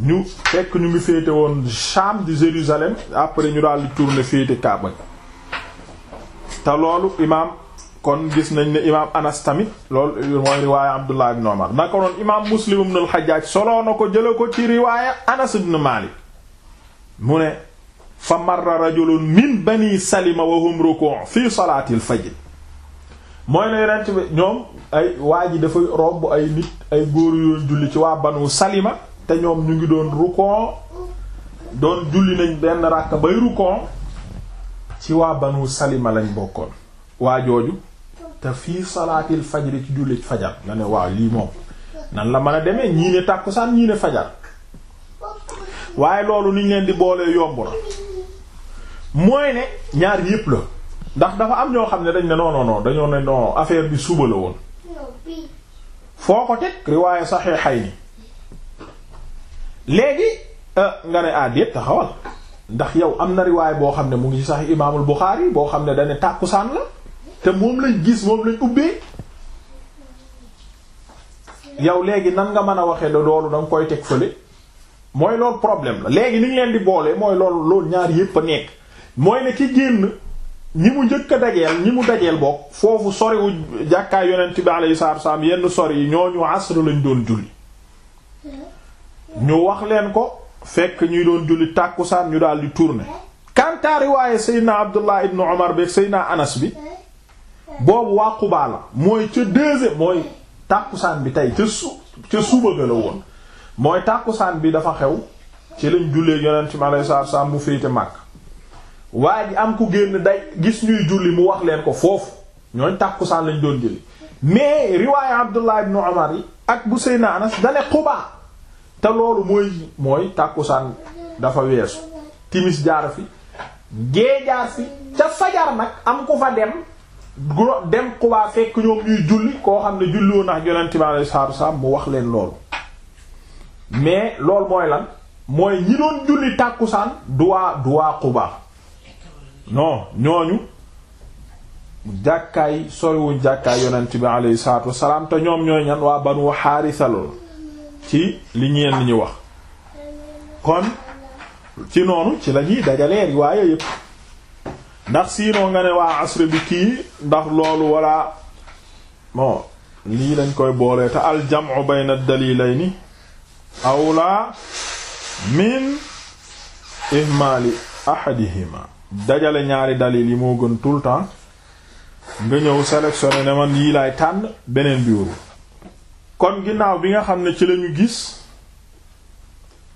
ñu fekk ñu ngi féete woon Sham di Jérusalem après ñu daal di tourner féete Kaaba te loolu imaam kon gis nañ ne imaam Anas tamit loolu mooy riwaaya Abdullah ibn Umar naka noonu imaam Muslim ibn al-Hajjaj soloo na ko jële ko ci riwaaya Anas ibn Malik mu ne fa marra rajulun min bani salima wa hum ruku' fi salaati al mooy ne yonent bi ñoom ay waa ji dafa romb ay nit ay góor yooyu julli ci waa banu salima te ñoom ñu ngi doon ruku' doon julli nañ benn ràkk bay ruku' ci waa banu salima lañ bokkoon waa jooju te fii salaatil fajri ci jullit fajar nga ne waaw lii moom nan la mën a demee ñii ne tàkkusaan ñii ne fajar waaye loolu niñ leen di boolee yomb na mooy ne ñaar yépp la ndax dafa am ñoo xam ne dañ ne non dañoo ne non affaire bi suba la woon foo ko teg riwaaye xay ni léegi euh, nga ne ah déet taxawal ndax yow am na riwaay boo xam ne mu ngi sax imaamul Buxaari boo xam ne dañ ne tàkkusaan la te moom lañ gis moom lañ ubbee yow léegi nan nga mën a waxee da loolu danga koy teg fële mooy loolu problème la léegi ni ñu leen di boole mooy loolu loolu ñaar yépp a nekk mooy ne ki génn ñi mu njëkk a dajeel ñi mu dajeel bokk foofu soriwu jàkkaay yonent bi alayhi salaatu wasallam yenn sori yi ñooñu asr lañ doon julli ñu wax leen ko fekk ñuy doon julli tàkkusaan ñu daal di tourner waaye riwaaye seydna abdullah ibnu omar bi seydna anas bi boobu waa Quba la mooy ca deuxième mooy tàkkusaan bi tey ca su ca suba ga la woon mooy tàkkusaan bi dafa xew ci lañ jullee yonent mi alayhi salaatu salaam mu féete mag waa ji am ku génn day gis ñuy julli mu wax leen ko foofu ñooñ tàkkusaan lañ doon jëli mais riwaaya Abdullah ibn Umar yi ak bu Seyna Anas dane Quba te loolu mooy mooy tàkkusaan dafa weesu timis jaaro fi gée jaar fi ca fajar nag am ku fa dem dem Quba fekk ñoom ñuy julli koo xam ne julliwoon ak yonent mi alayhi salaatu mu wax leen loolu mais loolu mooy lan mooy ñi doon julli tàkkusaan duwaa duwaa Quba non ñooñu jàkkaay soriwuñ jàkkaay yonent bi alayhi salaatu wassalaam te ñoom ñooy ñan waa Banu Haarisa lool ci li ñeen ñi wax kon ci noonu ci la ñuy dajalee waaye yépp ndax siinoo nga ne waa asr bi kii ndax loolu wala bon lii lañ koy boolee te al jam'u bayna ad-dalilayni awlaa min ihmaali ahadihima dajale ñaari dalil yi moo gën tout le temps nga ñëw sélectionné ne man yii laay tànn beneen bi kon ginnaaw bi nga xam ne ci lañu gis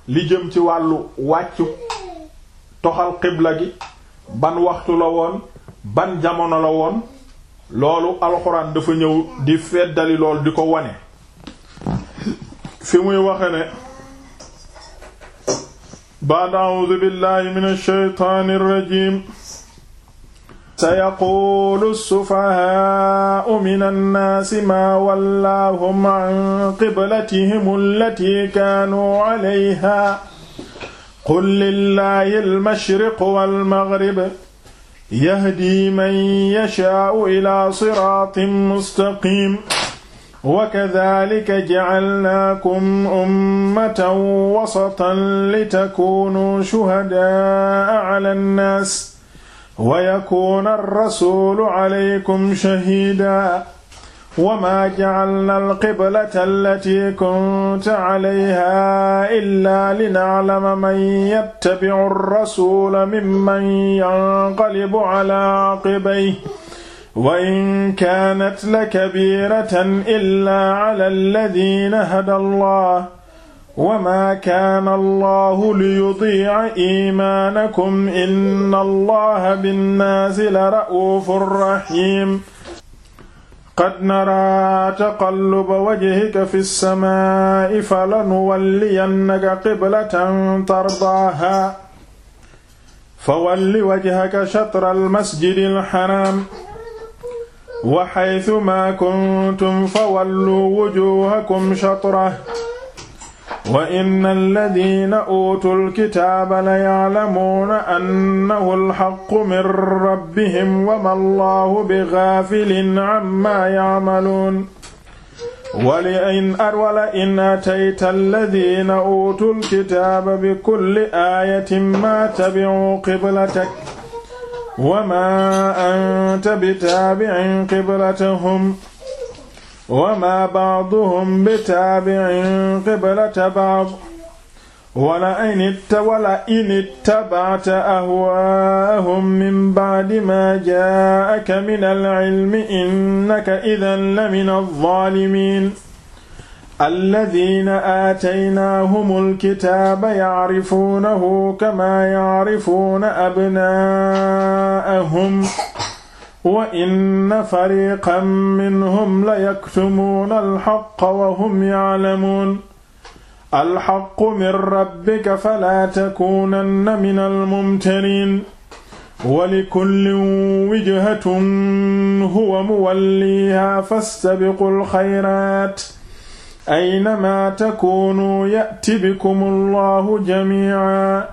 li jëm ci wàllu wàccu toxal xibla gi ban waxtu la woon ban jamono la woon loolu alxuraan dafa ñëw di feddali lool di ko wane fi muy waxe ne baad a'uudu billahi min ash-shaytaani ar-rajiim sayaquulu as-sufahaa'u mina an-naasi maa wallaahum an qiblatihim allatii kaanuu 'alayhaa qul lillaahi al-mashriqu wal-maghrib yahdii man yashaa'u ilaa siraatin mustaqiim wa kadhalika ja'alnakum ummatan wasatan litakunu shuhada'a 'ala an-nas wa yakuna ar-rasulu 'alaykum shahida wa ma ja'alna al-qiblata allati kunta 'alayha illa lina'lama man yattabi'u ar-rasula mimman yanqalibu 'ala 'aqibayhi wa in kaanat la kabiratan illa ala alladina hada allah wa ma kaana allahu liyudiica iimaanakum inna allaha binnaasi la ra'uufun rahiim qad naraa taqalluba wajhika fi ssamaa'i falanuwalliyannaka qiblatan tardaahaa fawalli wajhaka shatra almasjidi alxaraam wa xaytumaa kuntum fa wallu wujuhakum shatrahu wa inna alladina uutul kitaaba la ya'lamuuna annahu alxaqqu min rabbihim wa ma allahu bi gaafilin ammaa ya'maluun walain walain atayta alladina uutul kitaaba bi kulli aayatin maa tabi'uu qiblatak wama anta bitaabi'in qiblatahum wama ba'duhum bitaabi'in qiblata ba'd wala init wala inittaba'ta ahwaa'ahum min ba'di maa jaa'aka minal ilmi innaka idhan lamina adh-dhaalimiin alladina aataynaahum alkitaaba yacrifuunahu kama yacrifuuna abnaa'ahum wa inna fariqan minhum la yaktumuuna alxaqa wa hum yaclamuun alxaqu min rabbika falaa takuunanna min almumtariin wa likullin wijhatun huwa muwalliihaa fastabiqu alxayraat aynama takuunu ya'ti bikum allahu jamii'an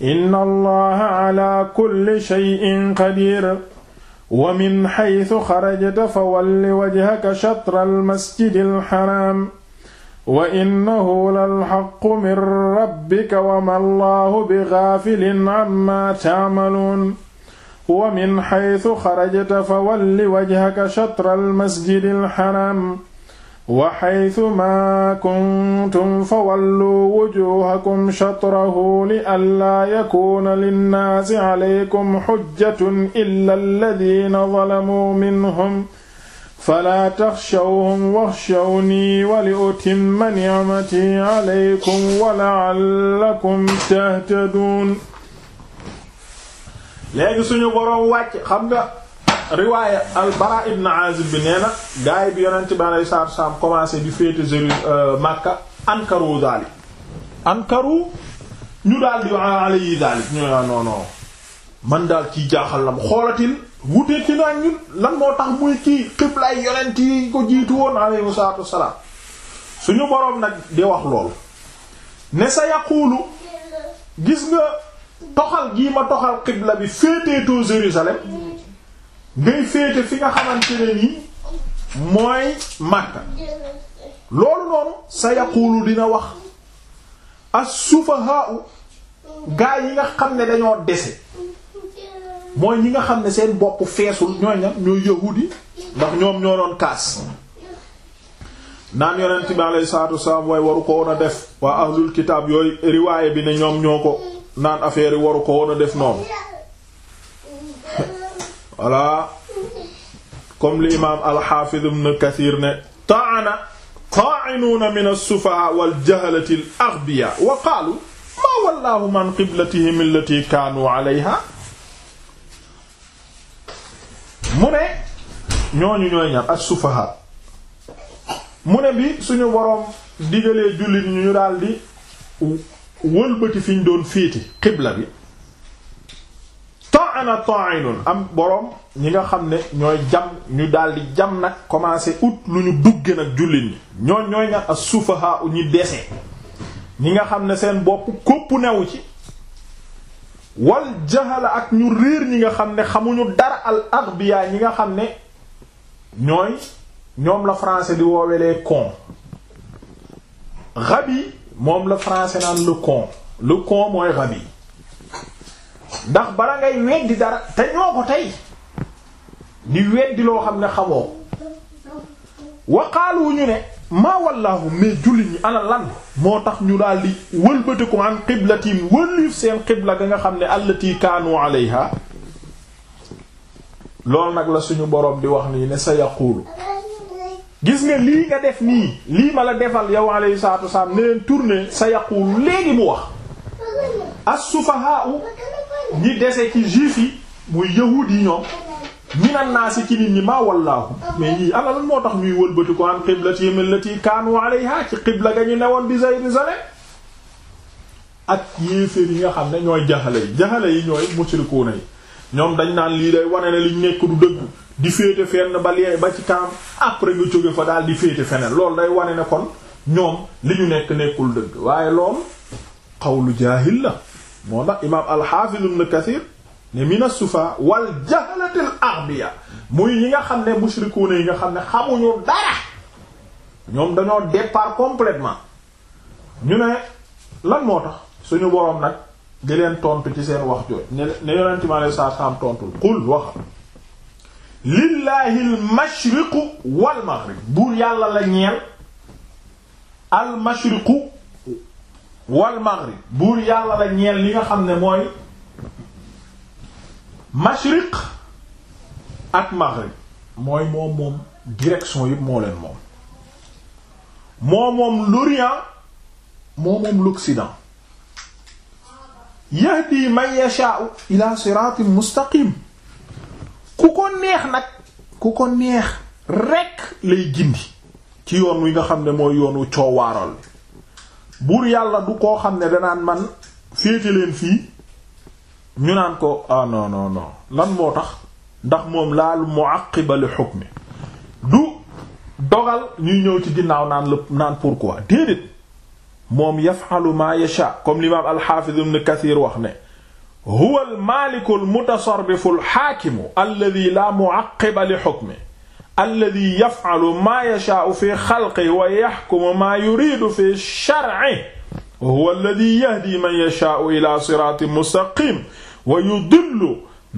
inna allaha ala kulli shay'in qadiir wa min haythu xarajta fawalli wajhaka shatra almasjidi alxaraam wa innahu lalhaqqu min rabbika wa ma allahu bigaafilin amma ta'maluun wa min haythu xarajta fawalli wajhaka shatra almasjidi alxaraam wa xaytu maa kuntum fa wallu wujuhakum shatrahu li allaa yakuuna linnaasi alaykum xujjatun illa alladina zalamuu minhum falaa taxshawhum waxshawni wa li utimma nicmatii alaykum wa la'allakum tahtaduun léegi suñu boroom wàcc xam nga riwaaya al bara ibn azib bi nee na gars yi bi yonent bi alei salatu salaam commencé di féete Jéru euh, Makka ankaru daali ankaru ñu daal di alayi daali ñu ne non non man daal ci jaaxal na mu xoolatil wutee ci naa lan moo tax muy kii xiblaay yonent yi ko jiitu woon aleyhi salatu wasalaam suñu boroom nag di wax lool ne sa yaqulu gis nga toxal gii ma toxal xibla bi féeteetoo Jérusalem ngay féete fi nga xamante ne nii mooy Makka loolu noonu sa yaqulu dina wax as-sufahaa'u gaa yi nga xam ne dañoo dese mooy ñi nga xam ne seen bopp feesul ñooy ñam ñooy yahuudi ndax ñoom ñoo doon kaas naan yonent bi alayhi salaatu wassalaam waaye waru ko woon a def waa ahlul kitaab yooyu riwaaye bi ne ñoom ñoo ko naan affaire yi waru ko woon a def noonu voilà comme li imaam al-Hafiz ibn Kathir ne ta'ana qa'inuuna min as-sufaha wal jahalati al-aghbiya wa qaalu ma wallahum an qiblatihim allati kaanu alayha mu ne ñooñu ñooy ñam as-sufaha mu ne bi suñu boroom digalee jullit ñu ñu daldi wëlbati fi ñu doon féete xibla bi ta'ana ta'inun am boroom ñi nga xam ne ñooy jam ñu daldi jam nag commencé ut lu ñu dugge nag jullit ñi ñooñ ñooy nga as-sufaha ñi dese ñi nga xam ne seen bopp kopp newu ci wal jahala ak ñu réer ñi nga xam ne xamuñu dara al aghbiya ñi nga xam ne ñooy ñoom la français di woowe les cons moom la français naan le con le con mooy ghabi ndax bala ngay weddi dara te ñoo ko tey di loo xam ne xamoo waqaalu ñu ne maa wallaahu mais julli ñi ana moo tax ñu daal di wëlbatiku an qiblatim wëlif seen qibla ga nga xam ne allati kaanu alayha loolu nag la suñu boroom di wax nii ne sa yaquulu gis nga lii nga def nii lii ma la defal yow alayhi salaatu wasalaam ne leen tourné sa yaquulu léegi mu wax as ñi dese ci juif yi muy yahuud yi ñoom minan naasi ci nit ñi maa wallaahu mais ñii ala moo tax ñuy wëlbati ko am qiblatihim allati kaanu alayha ci qibla nga ñu newoon di Jérusalem ak yéeféer yi nga xam ne ñooy jaxale yi jaxale yi ñooy musrikuuna yi ñoom dañ naan lii day wane ne liñ nekk du dëgg di féete fenn ba lee ba ci kaam après nga jóge fa daal di féete feneen loolu day wane ne kon ñoom li ñu nekk nekkul dëgg waaye loolu xawlu jaahil la moo tax imaam al-Hafiz ibn Kathir ne mina sufa wal jahlatil arbiya muy ñi nga xam ne mushrikuuna yi nga xam ne xamuñu dara ñoom dañoo départ complètement ñu ne lan moo tax suñu boroom nag di leen tontu ci seen wax jooy ne ne yonent mi alayhi salaatu salaam tontul qul wax lillahi al mashriqu buur yàlla la ñeel al wal maghrib buur yàlla la ñeel li nga xam ne mooy mashriq ak maghrib mooy moom moom direction yëpp moo leen moom moo moom l'orient moo moom l'occident yahdi man yasha'u ila siratin mustaqim ku ko neex nag ku ko neex rekk lay gindi ci yoon wi nga xam ne mooy yoonu coowaaral buur yàlla du koo xam ne danaan man féete leen fii ñu naan ko ah, lan moo tax ndax moom laal mu'aqqiba li hukmi du dogal ñuy ñëw ci dinnaaw naan la naan pourquoi déedéet moom yaf'alu ma yasha comme l'imam al-hafiz ibn wax ne huwa al-maliku al-mutasarrifu al-hakimu alladhi la mu'aqqiba li hukmi alladi yaf'alu maa yashaa'u fi xalqi wa yaxkumu maa yuridu fi shar'i wa huwa alladi yahdi man yashaa'u ila siraatin mustaqim wa yudillu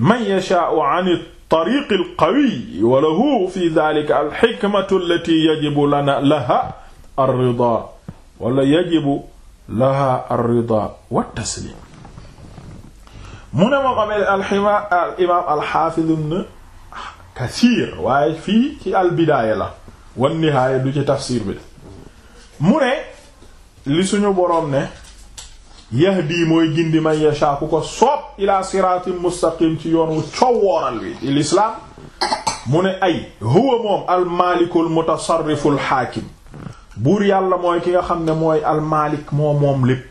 man yashaa'u 'ani at-tariiqi al-qawiyyi wa lahu fi dhaalika al-hikmatu allatii yajibu lanaa lahaa ar-ridaa wala yajibu lahaa ar-ridaa wat-tasliim mu ne moom al-imaam al-haafiz kasiir waaye fii ci albidaaya la wan nihaaya du ci tafsir bi mu ne li suñu boroom ne yahdi mooy gindi man yasha ko soob ila siraatin mustaqim ci yoon wu cowooral wi di mu ne ay huwa moom almalikul mutasarriful xaakim buur yàlla mooy ki nga xam ne mooy almaalik moo moom lépp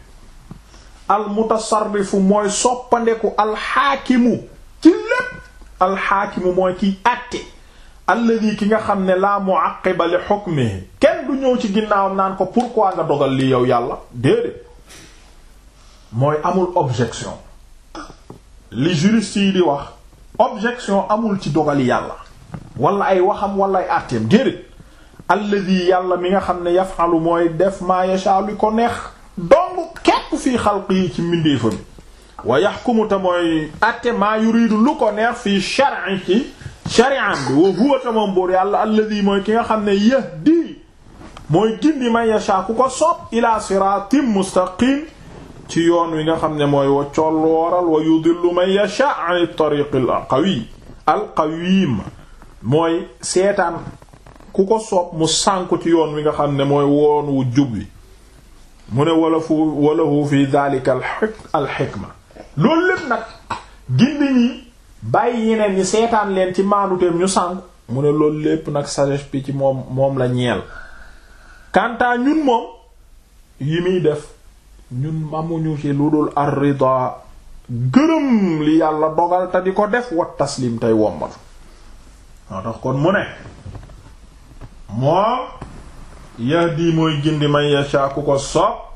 almutasarrifu mooy soppandeku alxaakimu ci lépp alxaakimu mooy kiy àtte alladi ki nga xam ne la mu'aqqiba li hukmihi kenn du ñëw ci ginnaawam naan ko pourquoi nga dogal lii yow yàlla déedéet mooy amul objection li juriste yi di wax objection amul ci dogali yàlla wala ay waxam wala ay àtteem déedéet alladi yàlla mi nga xam ne yafalu mooy def maa yasha ko neex dong képp fii xalq yi ci mbindeefam wa yaxkumu te mooy atte maa yuridu lu ko neex fii shar'i ci shari'am bi wa huwa ta moom buur yàlla alladi mooy ki nga xam ne yahdi mooy gindi man yasha ku ko soob ila siratim mustaqim ci yoon wi nga xam ne mooy wa collooral wa yudillu man yasha an tariq al qawi al qawim mooy seetaan ku ko soob mu sànku ci yoon wi nga xam ne mooy woon wu jub wi mu ne wala fu walahu fi dhalika al hikma loolu lépp nag gindi ñi bàyyi yeneen ñi seetaan leen ci maanuteem ñu sànku mu ne loolu lépp nag sagesse bi ci moom moom la ñeel kantaa ñun moom yi muy def ñun mamuñu ci lu dul arrida gërëm li yàlla dogal te di ko def wat taslim tey wombatu waa tax kon mu ne moo yahdi mooy gindi man yasha ku ko sopp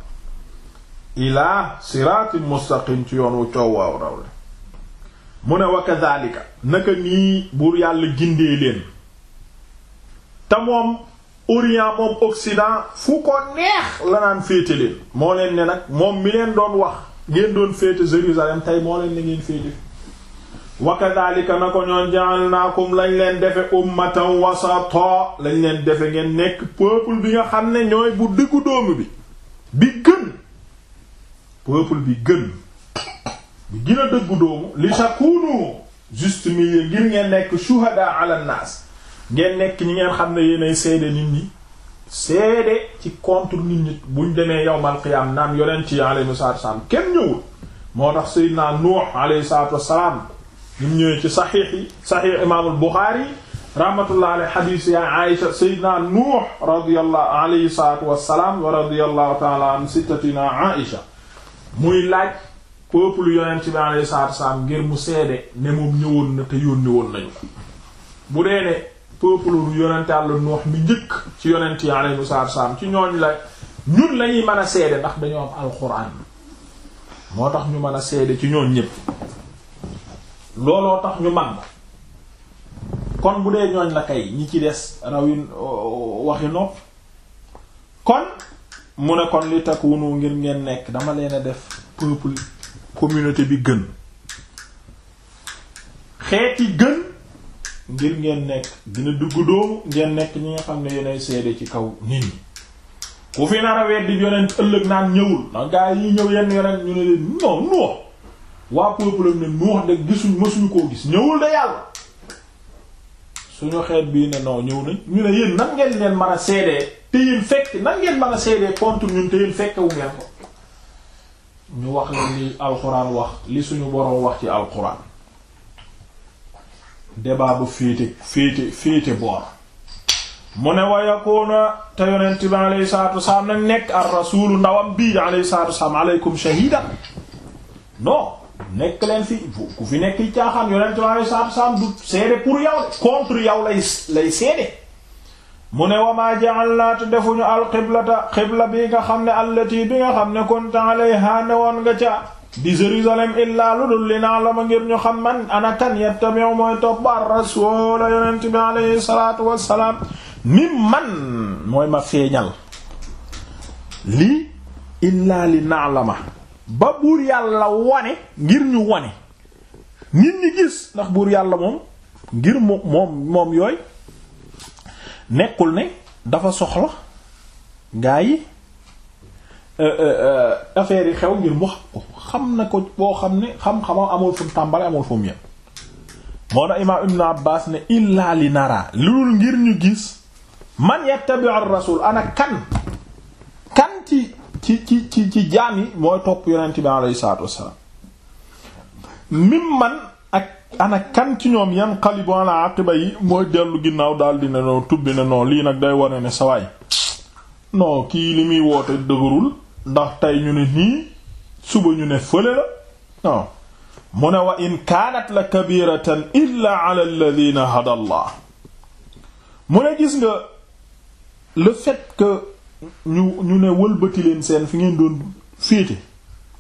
ilaa siraatin mustaqim ci yoon wu coow waaw raw la mu ne wa kadhalika naka nii buur yàlla gindee leen te moom orient moom occident fu ko neex la naan féete leen moo leen ne nag moom mi leen doon wax ngeen doon féete Jérusalem tey moo leen ne ngeen féete wa kadhalika na ko ñoon ja'alnaakum lañ leen defe ummatan wasata lañ leen defe ngeen nekk peuple bi nga xam ne ñooy bu diggu doomu bi bi gën peuple bi gën bi gën a dëggu doomu li takunu juste milieu ngir ngeen nekk shuhada ala nas ngeen nekk ñi ngeen xam ne yéenay seede nit ñi seede ci contre nit ñi buñ demee yowmal qiyam naan yonent yi alayhi kenn ñëwul moo tax ci saxiix yi saxiix imaamul Buxaari rahmatullah alayhi xadiis ya Aïsha sayyidina Nuux radiyallahu alayhi salaatu wasalaam wa radiyallahu ta'ala an sittatina Aïsha muy laaj peuple yonent bi alayhi salaatu wasallam ngir mu seede ne moom ñëwoon na te yónni woon nañu ko bu dee ne peuple yonent Yàlla Nuux mi njëkk ci yonent yi alayhi salaatu wasallam ci ñooñ la ñun lañuy mën a seede ndax dañoo am alxuraan moo tax ñu mën a seede ci ñooñ ñépp looloo tax ñu ma kon bu dee ñooñ la kay ñi ci des raw yi waxi nopp kon mu ne kon li takunu ngir ngeen nekk dama leen def peuple communauté bi gën xeet yi gën ngir ngeen nekk gën a dugg doomu ngeen nekk ñi nga xam ne yéenay seede ci kaw nit ñi ku fi nar a weddi yonent ëllëg naan ñëwul ndax gaa yi ñëw yenn yonent ñu ne leen non non waa peuple ne nu wax de gisuñ mësuñu koo gis ñëwul de yàlla suñu xeet bii ne non ñëw nañ ñu ne yéen nan ngeen leen mën a seedee te fekk nan ngeen mën a seedee contre ñun te yéen fekke wu ngeen ko ñu wax la li alxuraan wax li suñu boroom wax ci alxuraan débat bu féete féete féete boor mu ne wa te yonent bi alayhi salaatu wasalaam nag nekk ar rasuulu ndawam bii alayhi salaatu wasalaam aleykum shahiidan non nekk leen fi ku fi nekk caaxaan yonent bi alayhi salaatu wasalaam du seede pour yow contre yow lay lay mu ne wamaa ja'alnaa te defuñu alqiblata qibla bi nga xam ne allati bi nga xam ne kunta alayha ne woon nga ca di Jérusalem illaa lu dul li naa ma ngir ñu xam man ana kan yattabi'u mooy topp rasuula yonent bi alayhi salaatu wassalaam mi man mooy ma feeñal lii illaa li naa ma ba buur yàlla wane ngir ñu wane nit ñi gis ndax buur yàlla moom ngir moom moom moom nekkul ne dafa soxla gaa yi euh, euh, euh, affaire yi xew ngir mu xam na ko boo xam ne xam-xamam amul fu mu amul fu yem moo na imaam ibnu abbas ne illaa li nara loolu ngir ñu gis man yattabi'u ar-rasul ana kan kan ci ci ci ci ci jaam yi mooy topp yonent bi alayhi salaatu wassalaam mimman ana kan ci ñoom yan xalibu ala aqiba yi mooy dellu ginnaaw daal dina noo tubbi ne non lii nag day wane ne sawaay noo kii li muy woote dëgërul ndax tey ñu ne nii suba ñu ne fële la mu ne wa in kaanat la kabiratan illa allah mu ne gis nga le fait que ñu ñu ne wëlbati leen seen fi ngeen doon féete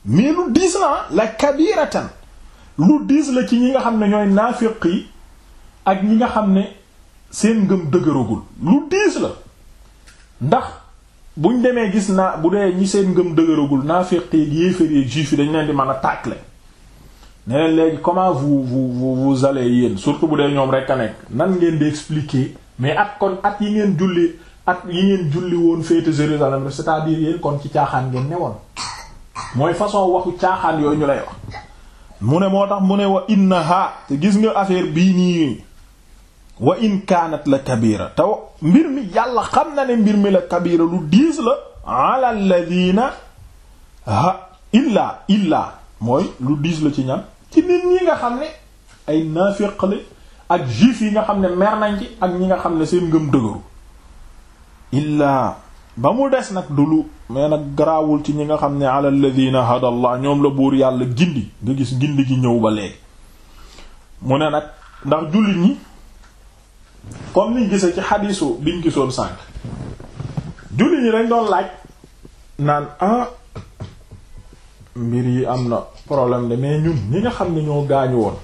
mais lu diis na la kabiratan lu diis la ci ñi nga xam ne ñooy naafiq yi ak ñi nga xam ne seen ngëm dëgëragul lu diis la ndax buñ demee gis naa bu dee ñi seen ngëm dëgëragul naafiq yi yéefar yi juif yi dañ leen di mën a tàkkle ne leen léegi comment vous vous vous vous allez yéen surtout bu dee ñoom rek a nekk nan ngeen di expliquer mais at kon at yi ngeen julli at yi ngeen julli woon féete Jérusalem c'est-à-dire kon ci caaxaan ngeen newoon mooy façon waxu caaxaan yooyu ñu lay mu ne moo tax mu ne wa inna ha te gis nga affaire bii nii wa in kaanat la kabira te mbir mi yàlla xam na ne mbir mi la kabira lu diis la ala alladina ha illaa illaa mooy lu diis la ci ñan ci nit ñi nga xam ne ay naafiq ak juif yi nga xam ne mer nañ ci ak ñi nga xam ne seen ngëm dëgëru illaa ba mu des nag du lu mais nag garaawul ci ñi nga xam ne ala alladhina hadallah ñoom la buur yàlla gindi nga gis gindi gi ñëw ba léegi mu ne nag ndax jullit ñi comme niñ gise ci xadiisu biñ gisoon sànq jullit ñi dañ doon laaj naan ah mbir yi am na problème de mais ñun ñi nga xam ne ñoo gaañu woon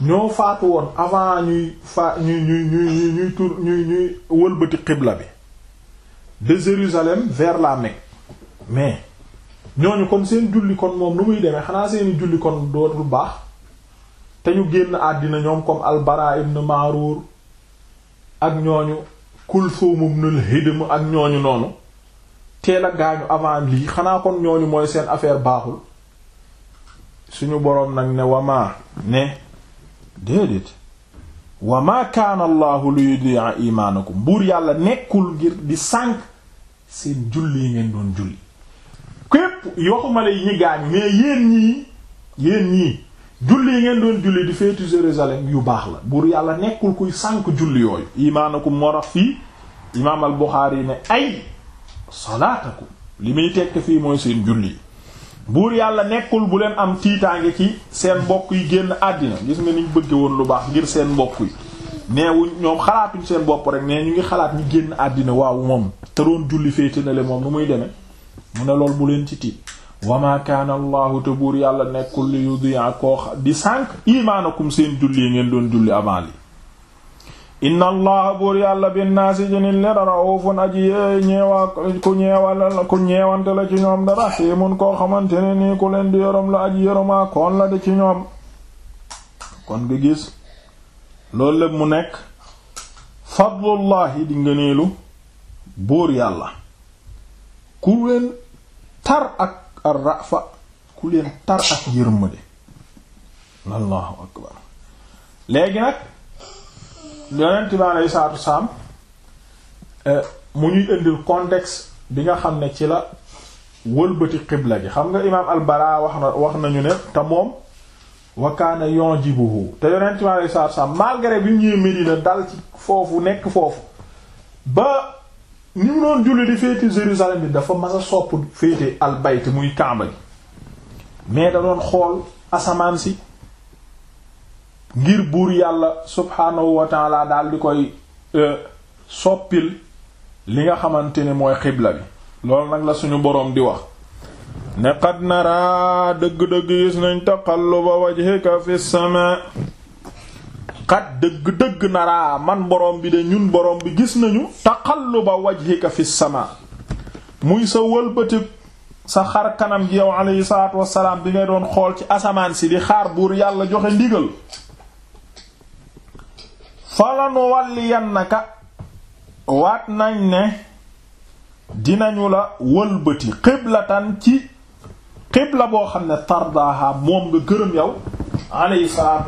ñoo faatu woon avant ñuy fa ñuy ñuy ñuy ñuy ñuy tur ñuy ñuy wëlbati xibla bi de Jérusalem vers la Mecque mais ñooñu kon seen julli kon moom nu muy demee xanaa seeni julli kon dootul baax te ñu génn àddina ñoom comme al-Bara ibn Ma'rur ak ñooñu Kulthum ibn al-Hidm ak ñooñu noonu teel a gaañu avant lii xanaa kon ñooñu mooy seen affaire baaxul suñu boroom nag ne wamaa ne déedéet wamaa kaana allahu li yudi'a imaanakum yàlla nekkul ngir di sànk seen julli yi ngeen doon julli képp waxuma la ñi gaañu mais yéen ñii julli yi ngeen doon julli di feetu Jérusalem yu baax la buur yàlla nekkul kuy sànk julli yooyu imaanakum moo tax fii imaam al Buxaari ne ay salaatakum li muy tekk fii mooy seen julli yi buur yàlla nekkul bu leen am tiitaange ki seen mbokk yi génn àddina gis nga niñ bëgge woon lu baax ngir seen mbokk yi neewuñ ñoom xalaatuñ seen bopp rek ne ñu ngi xalaat ñu génn àddina waaw moom te doon julli féete na moom nu muy demee mu ne lool bu leen ci tiit wama kaana allahu te buur yàlla nekkul li yudi'a koo di sànq imaanakum seen julli yi ngeen doon julli avant li inna allaha buur yàlla binnaasi ji nit le da raufun aji yéey ñeewaa ku ñeewal ku ñeewante la ci ñoom da rahimun koo xamante ne nii ku leen di yorom la aji yoromaa koon la de ci ñoom kon nga gis loolu lépp mu nekk fadlullahi di ngëneelu buur yàlla ku leen tar ak ar-rafa ku leen tar ak yërmande allahu akbar léegi nag yonent bi aleyhi salaatu wasalaam eh, mu ñuy indil contexte bi nga xam ne ci la wëlbati xibla gi xam nga imaam al wax na wax nañu ne te moom wa kaana yujibuhu te yonent mi alayhi salaatu salaam malgré bi mu ñëwee Medina dal ci foofu nekk foofu ba ni mu doon julli di féete Jérusalem bi dafa mas a sopp féete albayt muy Kaaba gi mais da doon xool asamaan si ngir buur yàlla subhaanahu wa taala daal di koy e, soppil li nga xamante ne mooy xibla bi loolu nag la suñu boroom di wax ne qad naraa dëgg-dëgg gis nañ taqalluba wajhika fi sama qad dëgg-dëgg naraa man borom bi de ñun borom bi gis nañu taqalluba wajhika fi sama muy sa wëlbati sa xar kanam gi yow alayhi salaatu wassalaam bi ngay doon xool ci asamaan si di xaar buur yàlla joxe ndigal falanu wàlli yannaka waat nañ ne dinañu la wëlbati qiblatan ci xibla boo xam ne tardaaha moom nga gërëm yow alayhi salaatu